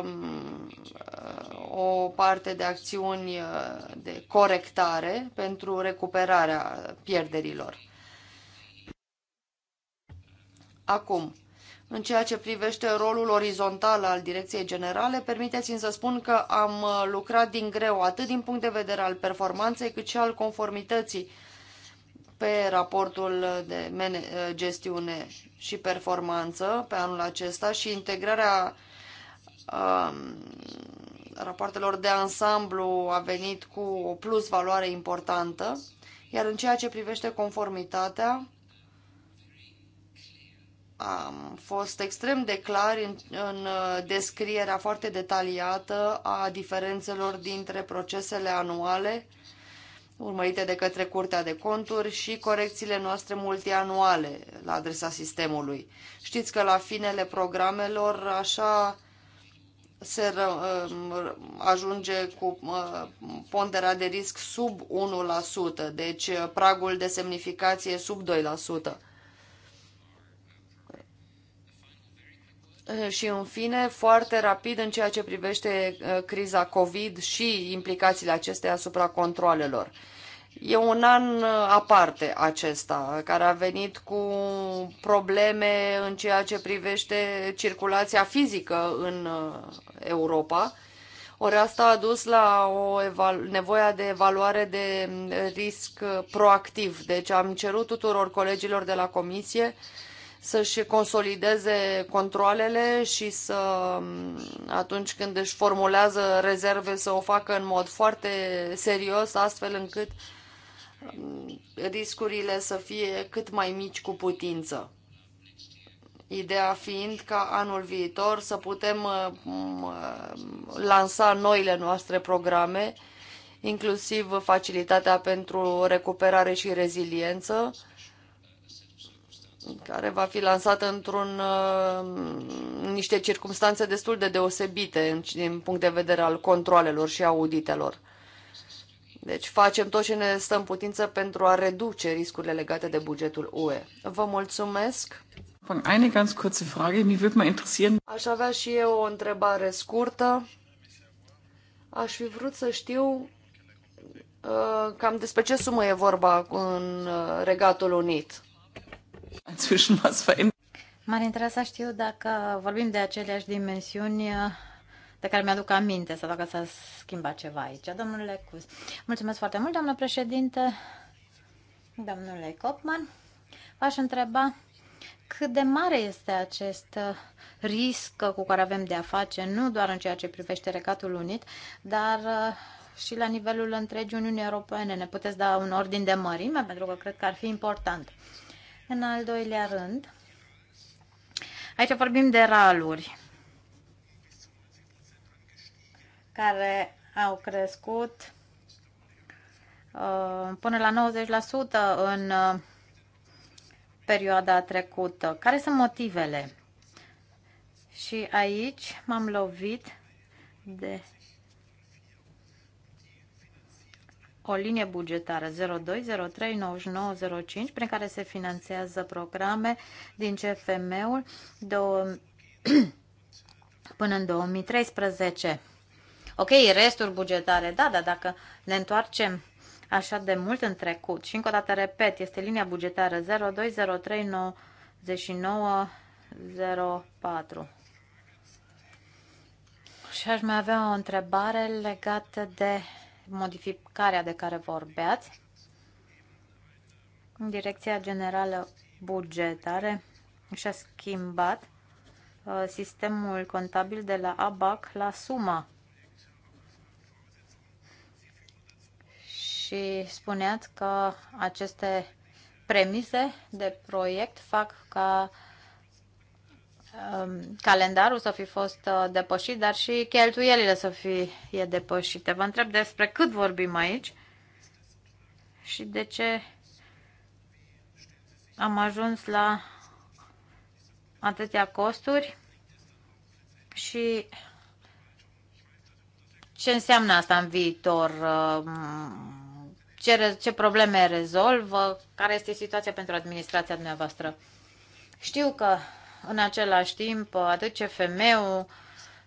um, uh, o parte de acțiuni uh, de corectare pentru recuperarea pierderilor. Acum, în ceea ce privește rolul orizontal al Direcției Generale, permiteți-mi să spun că am uh, lucrat din greu, atât din punct de vedere al performanței, cât și al conformității pe raportul de uh, gestiune și performanță pe anul acesta și integrarea um, rapoartelor de ansamblu a venit cu o plus valoare importantă, iar în ceea ce privește conformitatea, am fost extrem de clar în, în uh, descrierea foarte detaliată a diferențelor dintre procesele anuale urmărite de către Curtea de Conturi și corecțiile noastre multianuale la adresa sistemului. Știți că la finele programelor așa se uh, ajunge cu uh, ponderea de risc sub 1%, deci pragul de semnificație sub 2%. Eh, și, în fine, foarte rapid în ceea ce privește eh, criza COVID și implicațiile acesteia asupra controlelor. E un an eh, aparte acesta, care a venit cu probleme în ceea ce privește circulația fizică în Europa. Ori asta a dus la o nevoia de evaluare de mm, risc proactiv. Deci am cerut tuturor colegilor de la comisie să-și consolideze controlele și să, mm, atunci când își formulează rezerve, să o facă în mod foarte serios, astfel încât mm, riscurile să fie cât mai mici cu putință. Ideea fiind ca anul viitor să putem mm, lansa noile noastre programe, inclusiv facilitatea pentru recuperare și reziliență, care va fi lansată într-un uh, niște circunstanțe destul de deosebite din punct de vedere al controlelor și auditelor. Deci facem tot ce ne stă în putință pentru a reduce riscurile legate de bugetul UE. Vă mulțumesc! Eine ganz kurze Frage, mich würde mal interessieren. Aș avea și eu o întrebare scurtă. Aș fi vrut să știu uh, cam despre ce sumă e vorba în uh, Regatul Unit. M-ar interesa să știu dacă vorbim de aceleași dimensiuni de eh, care mi-aduc aminte sau dacă s-a schimbat ceva aici. Domnule Cus, mulțumesc foarte mult, doamnă președinte, domnule Copman. V-aș întreba cât de mare este acest eh, risc cu care avem de a face, nu doar în ceea ce privește Regatul Unit, dar eh, și la nivelul întregii Uniunii Europene. Ne puteți da un ordin de mărime? Pentru că cred că ar fi important. În al doilea rând, aici vorbim de raluri care au crescut uh, până la 90% în uh, perioada trecută. Care sunt motivele? Și aici m-am lovit de o linie bugetară 02039905 prin care se finanțează programe din CFM-ul până în 2013. Ok, resturi bugetare, da, dar dacă ne întoarcem așa de mult în trecut și încă o dată repet, este linia bugetară 02039904. Și aș mai avea o întrebare legată de modificarea de care vorbeați, Direcția Generală Bugetare și-a schimbat uh, sistemul contabil de la ABAC la SUMA. Și spuneați că aceste premise de proiect fac ca uh, Um, calendarul să fi fost uh, depășit, dar și cheltuielile să fie depășite. Vă întreb despre cât vorbim aici și de ce am ajuns la atâtea costuri și ce înseamnă asta în viitor, uh, ce, ce probleme rezolvă, care este situația pentru administrația dumneavoastră. Știu că în același timp, atât CFM-ul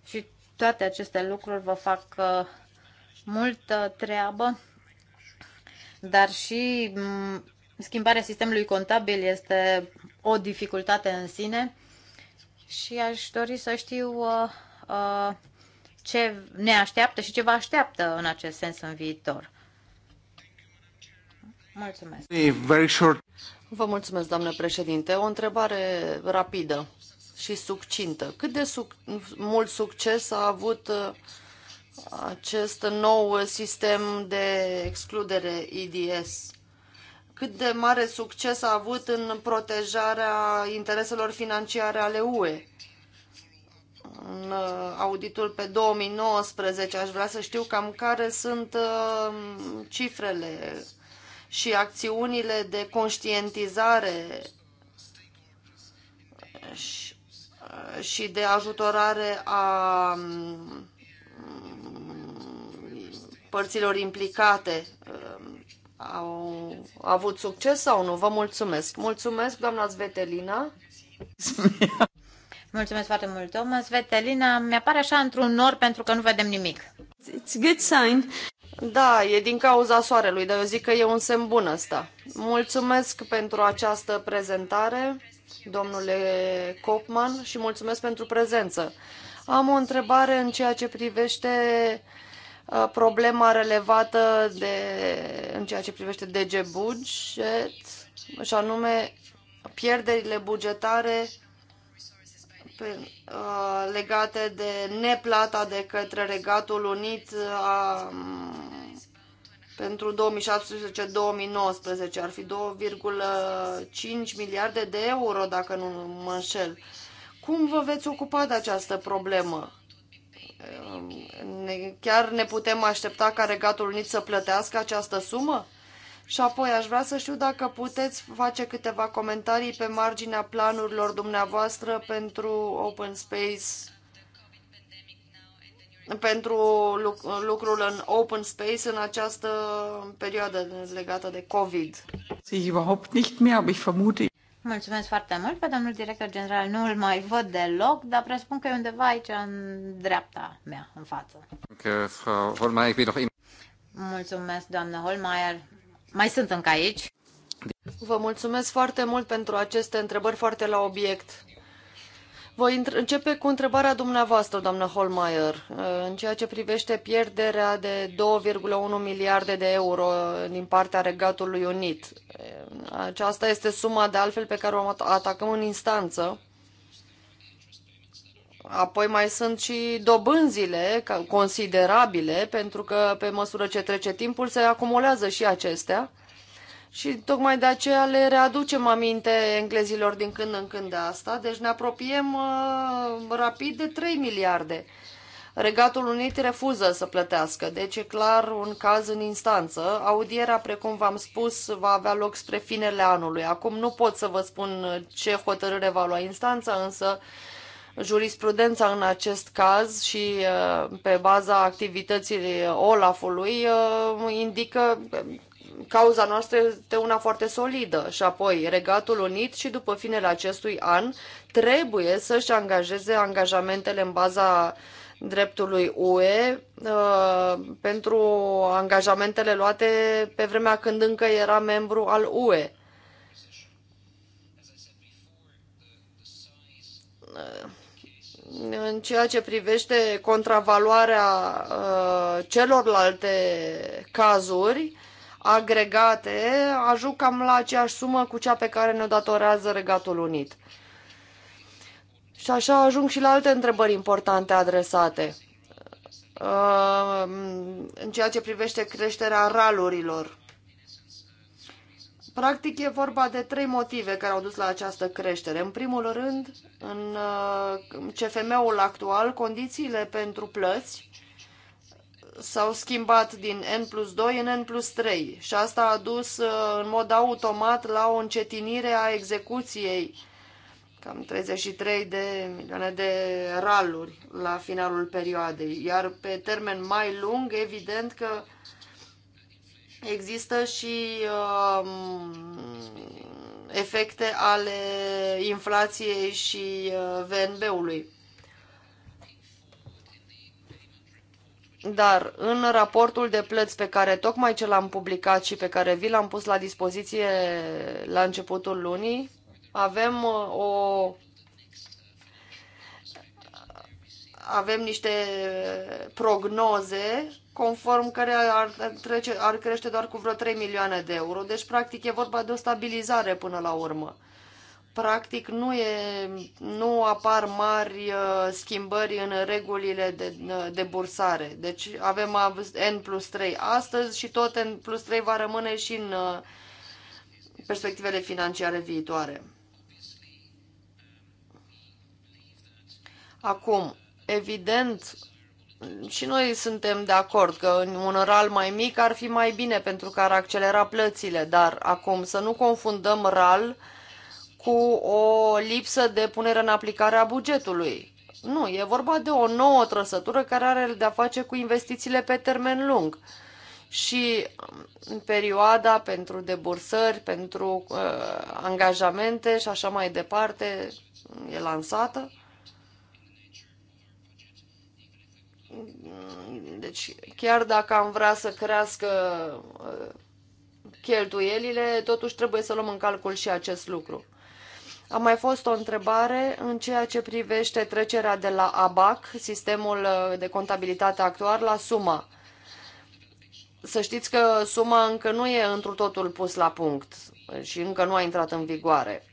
și toate aceste lucruri vă fac uh, multă treabă, dar și mm, schimbarea sistemului contabil este o dificultate în sine și aș dori să știu uh, uh, ce ne așteaptă și ce vă așteaptă în acest sens în viitor. Mulțumesc. Very short. Vă mulțumesc, doamnă președinte. O întrebare rapidă și succintă. Cât de suc mult succes a avut uh, acest nou sistem de excludere IDS? Cât de mare succes a avut în protejarea intereselor financiare ale UE? În uh, auditul pe 2019 aș vrea să știu cam care sunt uh, cifrele și acțiunile de conștientizare și, de ajutorare a mm, părților implicate mm, au avut succes sau nu? Vă mulțumesc. Mulțumesc, doamna Zvetelina. Mulțumesc foarte mult, doamna Vetelina mi apare așa într-un nor pentru că nu vedem nimic. It's a good sign. Da, e din cauza soarelui, dar eu zic că e un semn bun ăsta. Mulțumesc pentru această prezentare, domnule Copman, și mulțumesc pentru prezență. Am o întrebare în ceea ce privește uh, problema relevată de, în ceea ce privește DG Budget, și anume pierderile bugetare uh, legate de neplata de către Regatul Unit uh, a, pentru 2017-2019. Ar fi 2,5 miliarde de euro, dacă nu mă înșel. Cum vă veți ocupa de această problemă? Uh, chiar ne putem aștepta ca Regatul Unit să plătească această sumă? Și apoi aș vrea să știu dacă puteți face câteva comentarii pe marginea planurilor dumneavoastră pentru Open Space, pentru lucrul în Open Space în această perioadă legată de COVID. Mulțumesc foarte mult pe domnul director general. Nu îl mai văd deloc, dar presupun că e undeva aici în dreapta mea, în față. Mulțumesc, doamnă Holmeier. Mai sunt încă aici. Vă mulțumesc foarte mult pentru aceste întrebări foarte la obiect. Voi începe cu întrebarea dumneavoastră, doamnă Holmeier, uh, în ceea ce privește pierderea de 2,1 miliarde de euro din partea Regatului Unit. Uh, aceasta este suma de altfel pe care o atacăm în instanță Apoi mai sunt și dobânzile considerabile, pentru că pe măsură ce trece timpul se acumulează și acestea. Și tocmai de aceea le readucem aminte englezilor din când în când de asta, deci ne apropiem uh, rapid de 3 miliarde. Regatul Unit refuză să plătească, deci e clar un caz în instanță. Audierea, precum v-am spus, va avea loc spre finele anului. Acum nu pot să vă spun uh, ce hotărâre va lua instanța, însă uh, jurisprudența în acest caz și uh, pe baza activității Olafului uh, indică uh, cauza noastră este una foarte solidă și apoi Regatul Unit și după finele acestui an trebuie să-și angajeze angajamentele în baza dreptului UE uh, pentru angajamentele luate pe vremea când încă era membru al UE. Uh în ceea ce privește contravaloarea uh, celorlalte cazuri agregate, ajung cam la aceeași sumă cu cea pe care ne-o datorează Regatul Unit. Și așa ajung și la alte întrebări importante adresate. Uh, în ceea ce privește creșterea ralurilor, Practic e vorba de trei motive care au dus la această creștere. În primul rând, în uh, CFM-ul actual, condițiile pentru plăți s-au schimbat din N plus 2 în N plus 3 și asta a dus uh, în mod automat la o încetinire a execuției cam 33 de milioane de raluri la finalul perioadei, iar pe termen mai lung, evident că uh, Există și uh, efecte ale inflației și uh, VNB-ului. Dar în raportul de plăți pe care tocmai ce l-am publicat și pe care vi l-am pus la dispoziție la începutul lunii, avem uh, o avem niște prognoze conform care ar, trece, ar crește doar cu vreo 3 milioane de euro. Deci, practic, e vorba de o stabilizare până la urmă. Practic, nu, e, nu apar mari uh, schimbări în regulile de, uh, de bursare. Deci, avem N plus 3 astăzi și tot N plus 3 va rămâne și în uh, perspectivele financiare viitoare. Acum, Evident, și noi suntem de acord că în un RAL mai mic ar fi mai bine pentru că ar accelera plățile, dar acum să nu confundăm RAL cu o lipsă de punere în aplicare a bugetului. Nu, e vorba de o nouă trăsătură care are de-a face cu investițiile pe termen lung. Și perioada pentru debursări, pentru uh, angajamente și așa mai departe e lansată. Mm, deci, chiar dacă am vrea să crească uh, cheltuielile, totuși trebuie să luăm în calcul și acest lucru. A mai fost o întrebare în ceea ce privește trecerea de la ABAC, sistemul uh, de contabilitate actual, la SUMA. Să știți că SUMA încă nu e într totul pus la punct și încă nu a intrat în vigoare.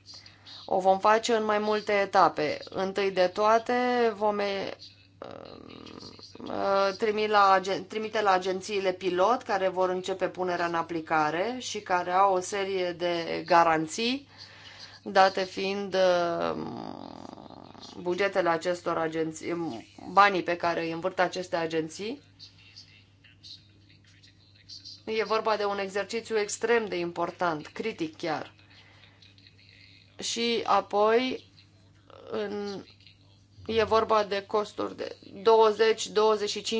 O vom face în mai multe etape. Întâi de toate vom uh, Uh, trimite la, trimite la agențiile pilot care vor începe punerea în aplicare și care au o serie de garanții, date fiind uh, bugetele acestor agenții, um, banii pe care îi învârt aceste agenții. E vorba de un exercițiu extrem de important, critic chiar. Și apoi, în E vorba de costuri de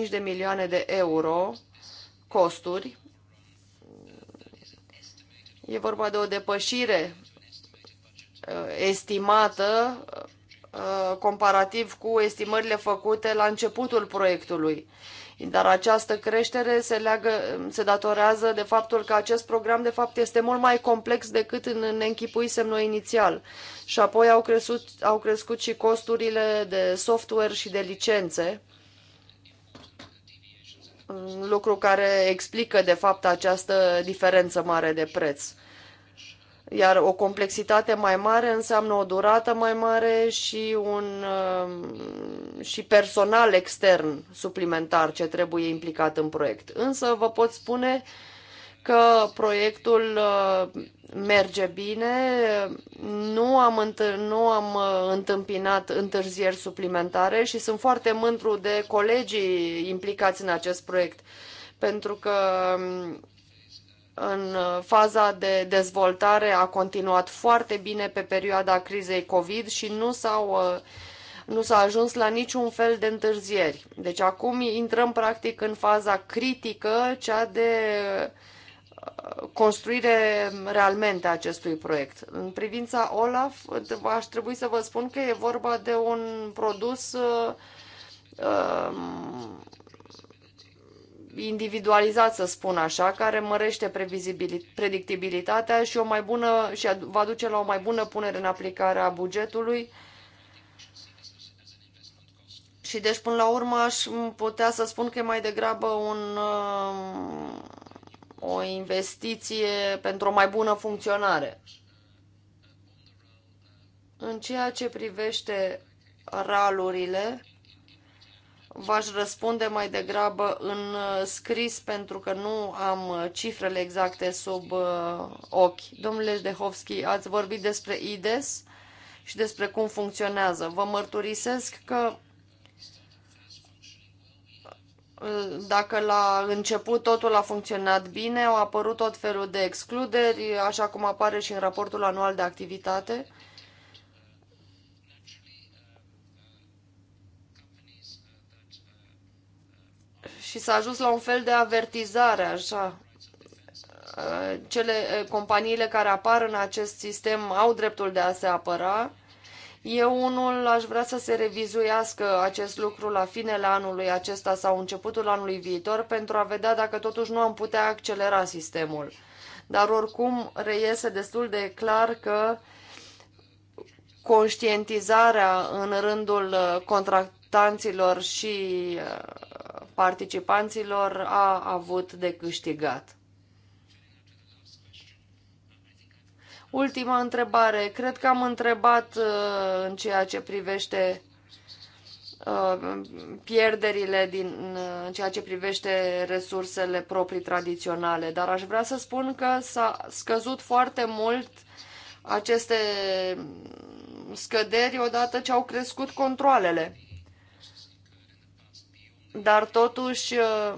20-25 de milioane de euro costuri. E vorba de o depășire uh, estimată uh, comparativ cu estimările făcute la începutul proiectului. Dar această creștere se, leagă, se datorează de faptul că acest program, de fapt, este mult mai complex decât în, ne închipuisem noi inițial. Și apoi au crescut, au crescut și costurile de software și de licențe, lucru care explică, de fapt, această diferență mare de preț. Iar o complexitate mai mare înseamnă o durată mai mare și, un, um, și personal extern suplimentar ce trebuie implicat în proiect. Însă vă pot spune că proiectul uh, merge bine, nu am, înt- nu am uh, întâmpinat întârzieri suplimentare și sunt foarte mândru de colegii implicați în acest proiect, pentru că um, în uh, faza de dezvoltare a continuat foarte bine pe perioada crizei COVID și nu s-au uh, nu s-a ajuns la niciun fel de întârzieri. Deci acum intrăm practic în faza critică, cea de uh, construire realmente a acestui proiect. În privința OLAF, aș trebui să vă spun că e vorba de un produs um, individualizat, să spun așa, care mărește predictibilitatea și, o mai bună, și va duce la o mai bună punere în aplicare a bugetului. Și deci, până la urmă, aș putea să spun că e mai degrabă un, um, o investiție pentru o mai bună funcționare. În ceea ce privește ralurile, v-aș răspunde mai degrabă în uh, scris pentru că nu am uh, cifrele exacte sub uh, ochi. Domnule Dehovski ați vorbit despre IDES și despre cum funcționează. Vă mărturisesc că dacă la început totul a funcționat bine, au apărut tot felul de excluderi, așa cum apare și în raportul anual de activitate, și s-a ajuns la un fel de avertizare, așa. Uh, cele uh, companiile care apar în acest sistem au dreptul de a se apăra. Eu unul aș vrea să se revizuiască acest lucru la finele anului acesta sau începutul anului viitor pentru a vedea dacă totuși nu am putea accelera sistemul. Dar oricum reiese destul de clar că conștientizarea în rândul uh, contractanților și participanților a avut de câștigat. Ultima întrebare. Cred că am întrebat uh, în ceea ce privește uh, pierderile din uh, în ceea ce privește resursele proprii tradiționale, dar aș vrea să spun că s-a scăzut foarte mult aceste scăderi odată ce au crescut controlele dar totuși, ă,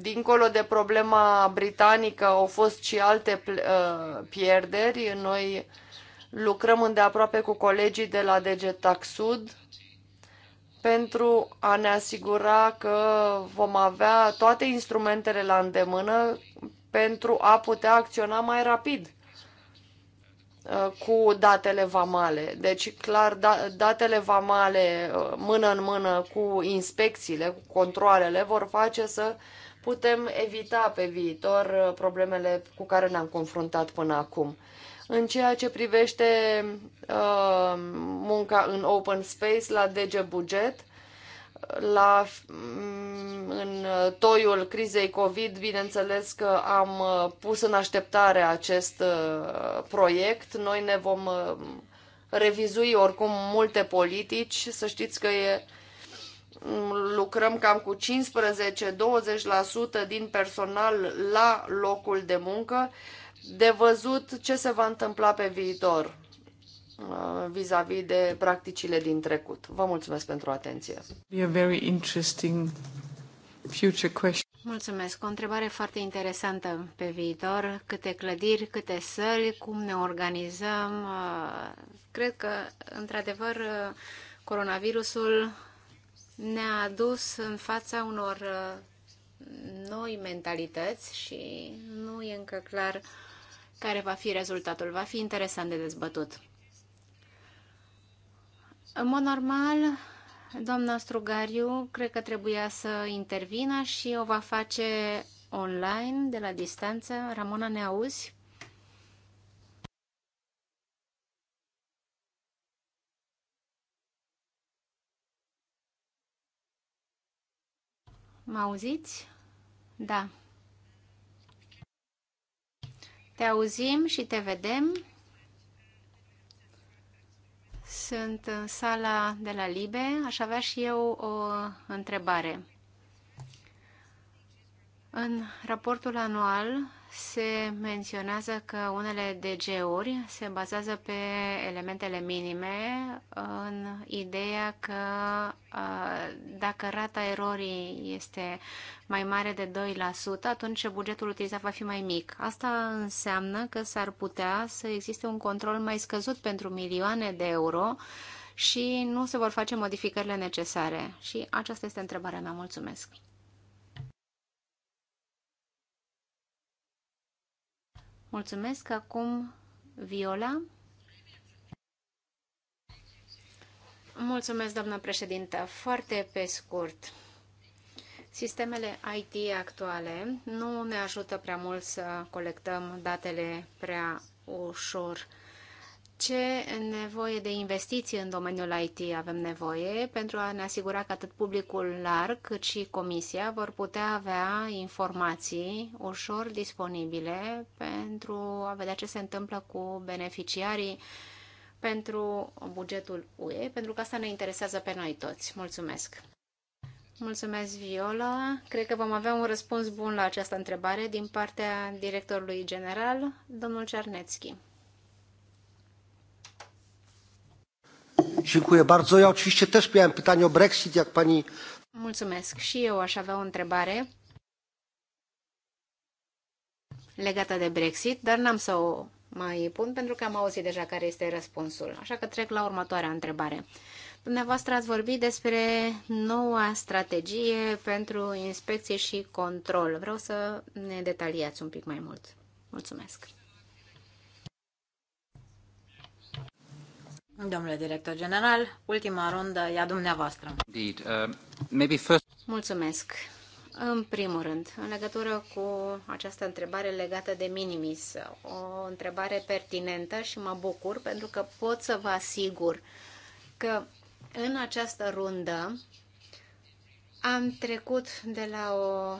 dincolo de problema britanică, au fost și alte ă, pierderi. Noi lucrăm îndeaproape cu colegii de la DGTAC sud pentru a ne asigura că vom avea toate instrumentele la îndemână pentru a putea acționa mai rapid Uh, cu datele vamale. Deci, clar, da, datele vamale uh, mână în mână cu inspecțiile, cu controlele, vor face să putem evita pe viitor uh, problemele cu care ne-am confruntat până acum. În ceea ce privește uh, munca în open space la DG Buget, la, mm, în toiul crizei COVID, bineînțeles că am uh, pus în așteptare acest uh, proiect. Noi ne vom uh, revizui oricum multe politici. Să știți că e, mm, lucrăm cam cu 15-20% din personal la locul de muncă. De văzut ce se va întâmpla pe viitor. Uh, vis-a-vis de practicile din trecut. Vă mulțumesc pentru atenție. Mulțumesc. O întrebare foarte interesantă pe viitor. Câte clădiri, câte săli, cum ne organizăm. Uh, cred că, într-adevăr, uh, coronavirusul ne-a dus în fața unor noi mentalități și nu e încă clar care va fi rezultatul. Va fi interesant de dezbătut. În mod normal, doamna Strugariu cred că trebuia să intervină și o va face online, de la distanță. Ramona, ne auzi? Mă auziți? Da. Te auzim și te vedem. Sunt în sala de la Libe. Aș avea și eu o întrebare. În raportul anual se menționează că unele DG-uri se bazează pe elementele minime în ideea că dacă rata erorii este mai mare de 2%, atunci bugetul utilizat va fi mai mic. Asta înseamnă că s-ar putea să existe un control mai scăzut pentru milioane de euro și nu se vor face modificările necesare. Și aceasta este întrebarea mea. Mulțumesc! Mulțumesc. Acum, Viola. Mulțumesc, doamnă președintă. Foarte pe scurt. Sistemele IT actuale nu ne ajută prea mult să colectăm datele prea ușor ce nevoie de investiții în domeniul IT avem nevoie pentru a ne asigura că atât publicul larg cât și comisia vor putea avea informații ușor disponibile pentru a vedea ce se întâmplă cu beneficiarii pentru bugetul UE, pentru că asta ne interesează pe noi toți. Mulțumesc! Mulțumesc, Viola. Cred că vom avea un răspuns bun la această întrebare din partea directorului general, domnul Cernețchi. Dziękuję bardzo. Ja oczywiście też miałem pytanie o Brexit, jak pani... Mulțumesc. Și eu aș avea o întrebare legată de Brexit, dar n-am să o mai pun pentru că am auzit deja care este răspunsul. Așa că trec la următoarea întrebare. Dumneavoastră ați vorbit despre noua strategie pentru inspecție și control. Vreau să ne detaliați un pic mai mult. Mulțumesc! Domnule director general, ultima rundă e a dumneavoastră. Indeed. Uh, maybe first... Mulțumesc. În primul rând, în legătură cu această întrebare legată de minimis, o întrebare pertinentă și mă bucur pentru că pot să vă asigur că în această rundă am trecut de la o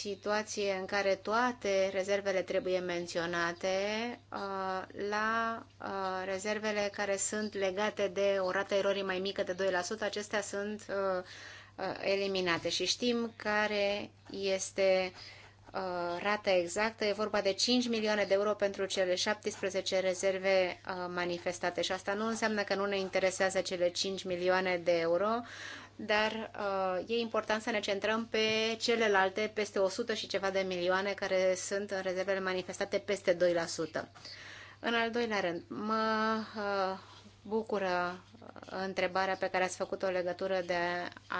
situație în care toate rezervele trebuie menționate uh, la uh, rezervele care sunt legate de o rată erorii mai mică de 2%. Acestea sunt uh, eliminate și știm care este rata exactă. E vorba de 5 milioane de euro pentru cele 17 rezerve manifestate și asta nu înseamnă că nu ne interesează cele 5 milioane de euro, dar uh, e important să ne centrăm pe celelalte peste 100 și ceva de milioane care sunt în rezervele manifestate peste 2%. În al doilea rând, mă uh, bucură uh, întrebarea pe care ați făcut-o legătură de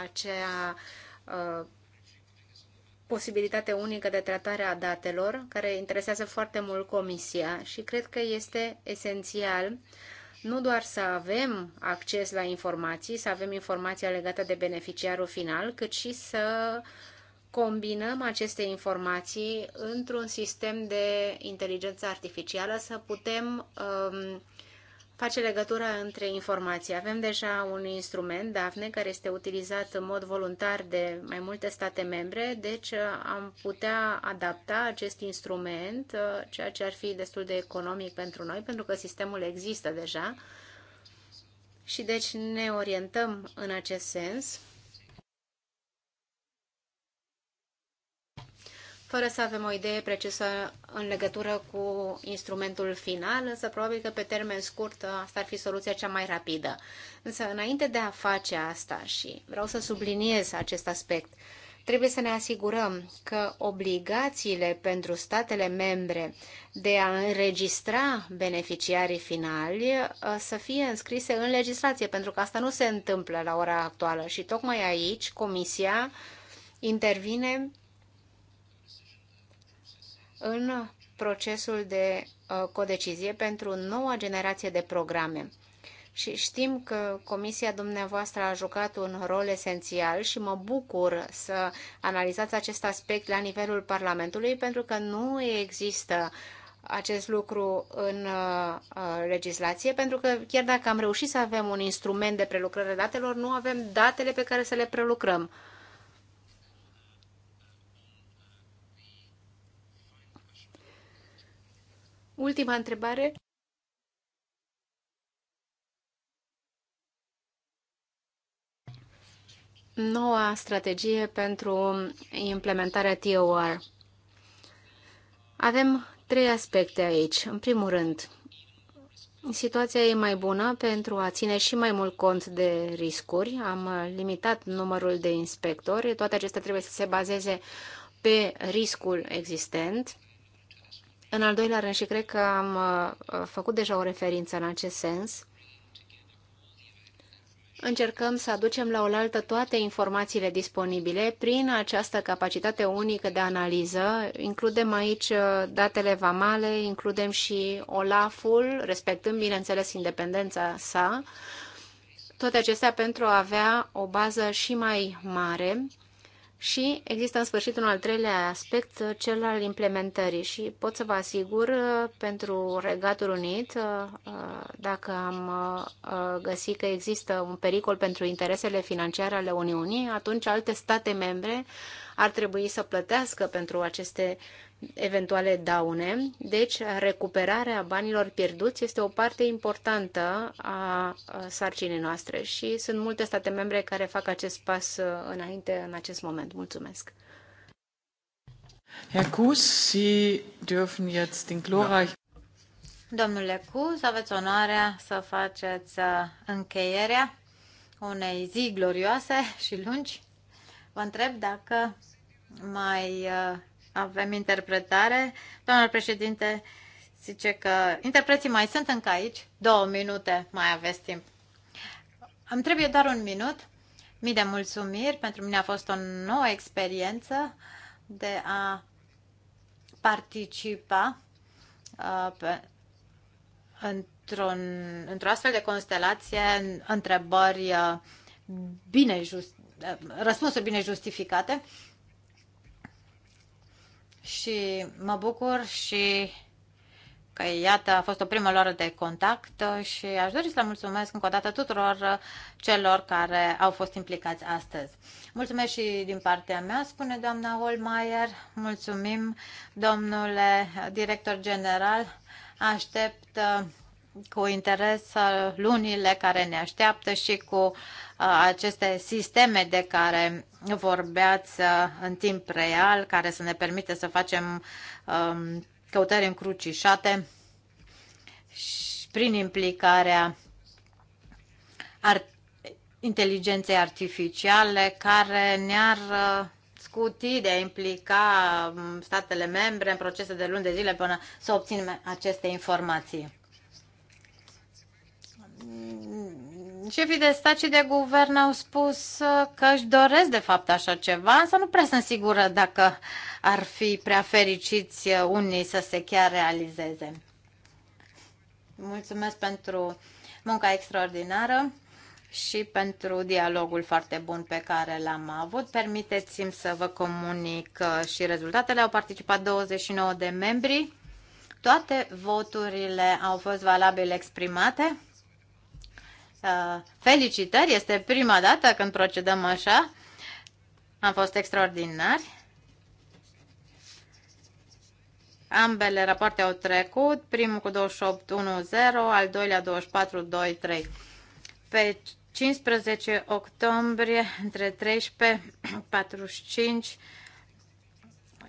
acea uh, posibilitate unică de tratare a datelor, care interesează foarte mult Comisia și cred că este esențial uh, nu doar să avem acces la informații, să avem informația legată de beneficiarul final, cât și să combinăm aceste informații într-un sistem de inteligență artificială, să putem uh, face legătura între informații. Avem deja un instrument, DAFNE, care este utilizat în mod voluntar de mai multe state membre, deci uh, am putea adapta acest instrument, uh, ceea ce ar fi destul de economic pentru noi, pentru că sistemul există deja. Și deci ne orientăm în acest sens fără să avem o idee precisă în legătură cu instrumentul final, însă probabil că pe termen scurt asta ar fi soluția cea mai rapidă. Însă înainte de a face asta și vreau să subliniez acest aspect, trebuie să ne asigurăm că obligațiile pentru statele membre de a înregistra beneficiarii finali uh, să fie înscrise în legislație, pentru că asta nu se întâmplă la ora actuală și tocmai aici Comisia intervine în procesul de uh, codecizie pentru noua generație de programe. Și știm că comisia dumneavoastră a jucat un rol esențial și mă bucur să analizați acest aspect la nivelul Parlamentului pentru că nu există acest lucru în uh, uh legislație, pentru că chiar dacă am reușit să avem un instrument de prelucrare datelor, nu avem datele pe care să le prelucrăm. Uh, Ultima întrebare. Noua strategie pentru implementarea TOR. Avem trei aspecte aici. În primul rând, situația e mai bună pentru a ține și mai mult cont de riscuri. Am limitat numărul de inspectori. Toate acestea trebuie să se bazeze pe riscul existent în al doilea rând, și cred că am uh, uh, făcut deja o referință în acest sens, încercăm să aducem la oaltă toate informațiile disponibile prin această capacitate unică de analiză. Includem aici uh, datele vamale, includem și OLAF-ul, respectând, bineînțeles, independența sa. Toate acestea pentru a avea o bază și mai mare și există în sfârșit un al treilea aspect, cel al implementării și pot să vă asigur uh, pentru Regatul Unit, uh, uh, dacă am găsit că există un pericol pentru interesele financiare ale Uniunii, atunci alte state membre ar trebui să plătească pentru aceste eventuale daune. Deci, recuperarea banilor pierduți este o parte importantă a sarcinii noastre și sunt multe state membre care fac acest pas uh, înainte în acest moment. Mulțumesc! Herr Kuss, Sie dürfen jetzt den glorreich... Da. Domnule Kuss, aveți onoarea să faceți uh, încheierea unei zi glorioase și lungi. Vă întreb dacă mai uh, avem interpretare. domnul președinte zice că interpreții mai sunt încă aici. Două minute mai aveți timp. Îmi trebuie doar un minut. Mii de mulțumiri. Pentru mine a fost o nouă experiență de a participa uh, pe, într-un, într-o astfel de constelație întrebări uh, bine just, răspunsuri bine justificate. Și mă bucur și că iată a fost o primă luare de contact și aș dori să le mulțumesc încă o dată tuturor celor care au fost implicați astăzi. Mulțumesc și din partea mea, spune doamna Holmeier. Mulțumim, domnule director general. Aștept uh, cu interes uh, lunile care ne așteaptă și cu uh, aceste sisteme de care vorbeați uh, în timp real, care să ne permite să facem um, căutări încrucișate și prin implicarea art- inteligenței artificiale care ne-ar scuti de a implica um, statele membre în procese de luni de zile până să obținem aceste informații șefii de stat și de guvern au spus uh, că își doresc de fapt așa ceva, însă nu prea sunt sigură dacă ar fi prea fericiți uh, unii să se chiar realizeze. Mulțumesc pentru munca extraordinară și pentru dialogul foarte bun pe care l-am avut. Permiteți-mi să vă comunic uh, și rezultatele. Au participat 29 de membri. Toate voturile au fost valabile exprimate. Uh, felicitări, este prima dată când procedăm așa. Am fost extraordinari. Ambele rapoarte au trecut, primul cu 28.10, al doilea 24.23. Pe 15 octombrie, între 13.45,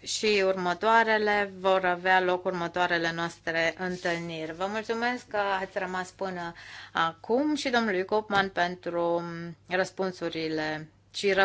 și următoarele vor avea loc următoarele noastre întâlniri. Vă mulțumesc că ați rămas până acum și domnului Copman pentru răspunsurile și răbdarea.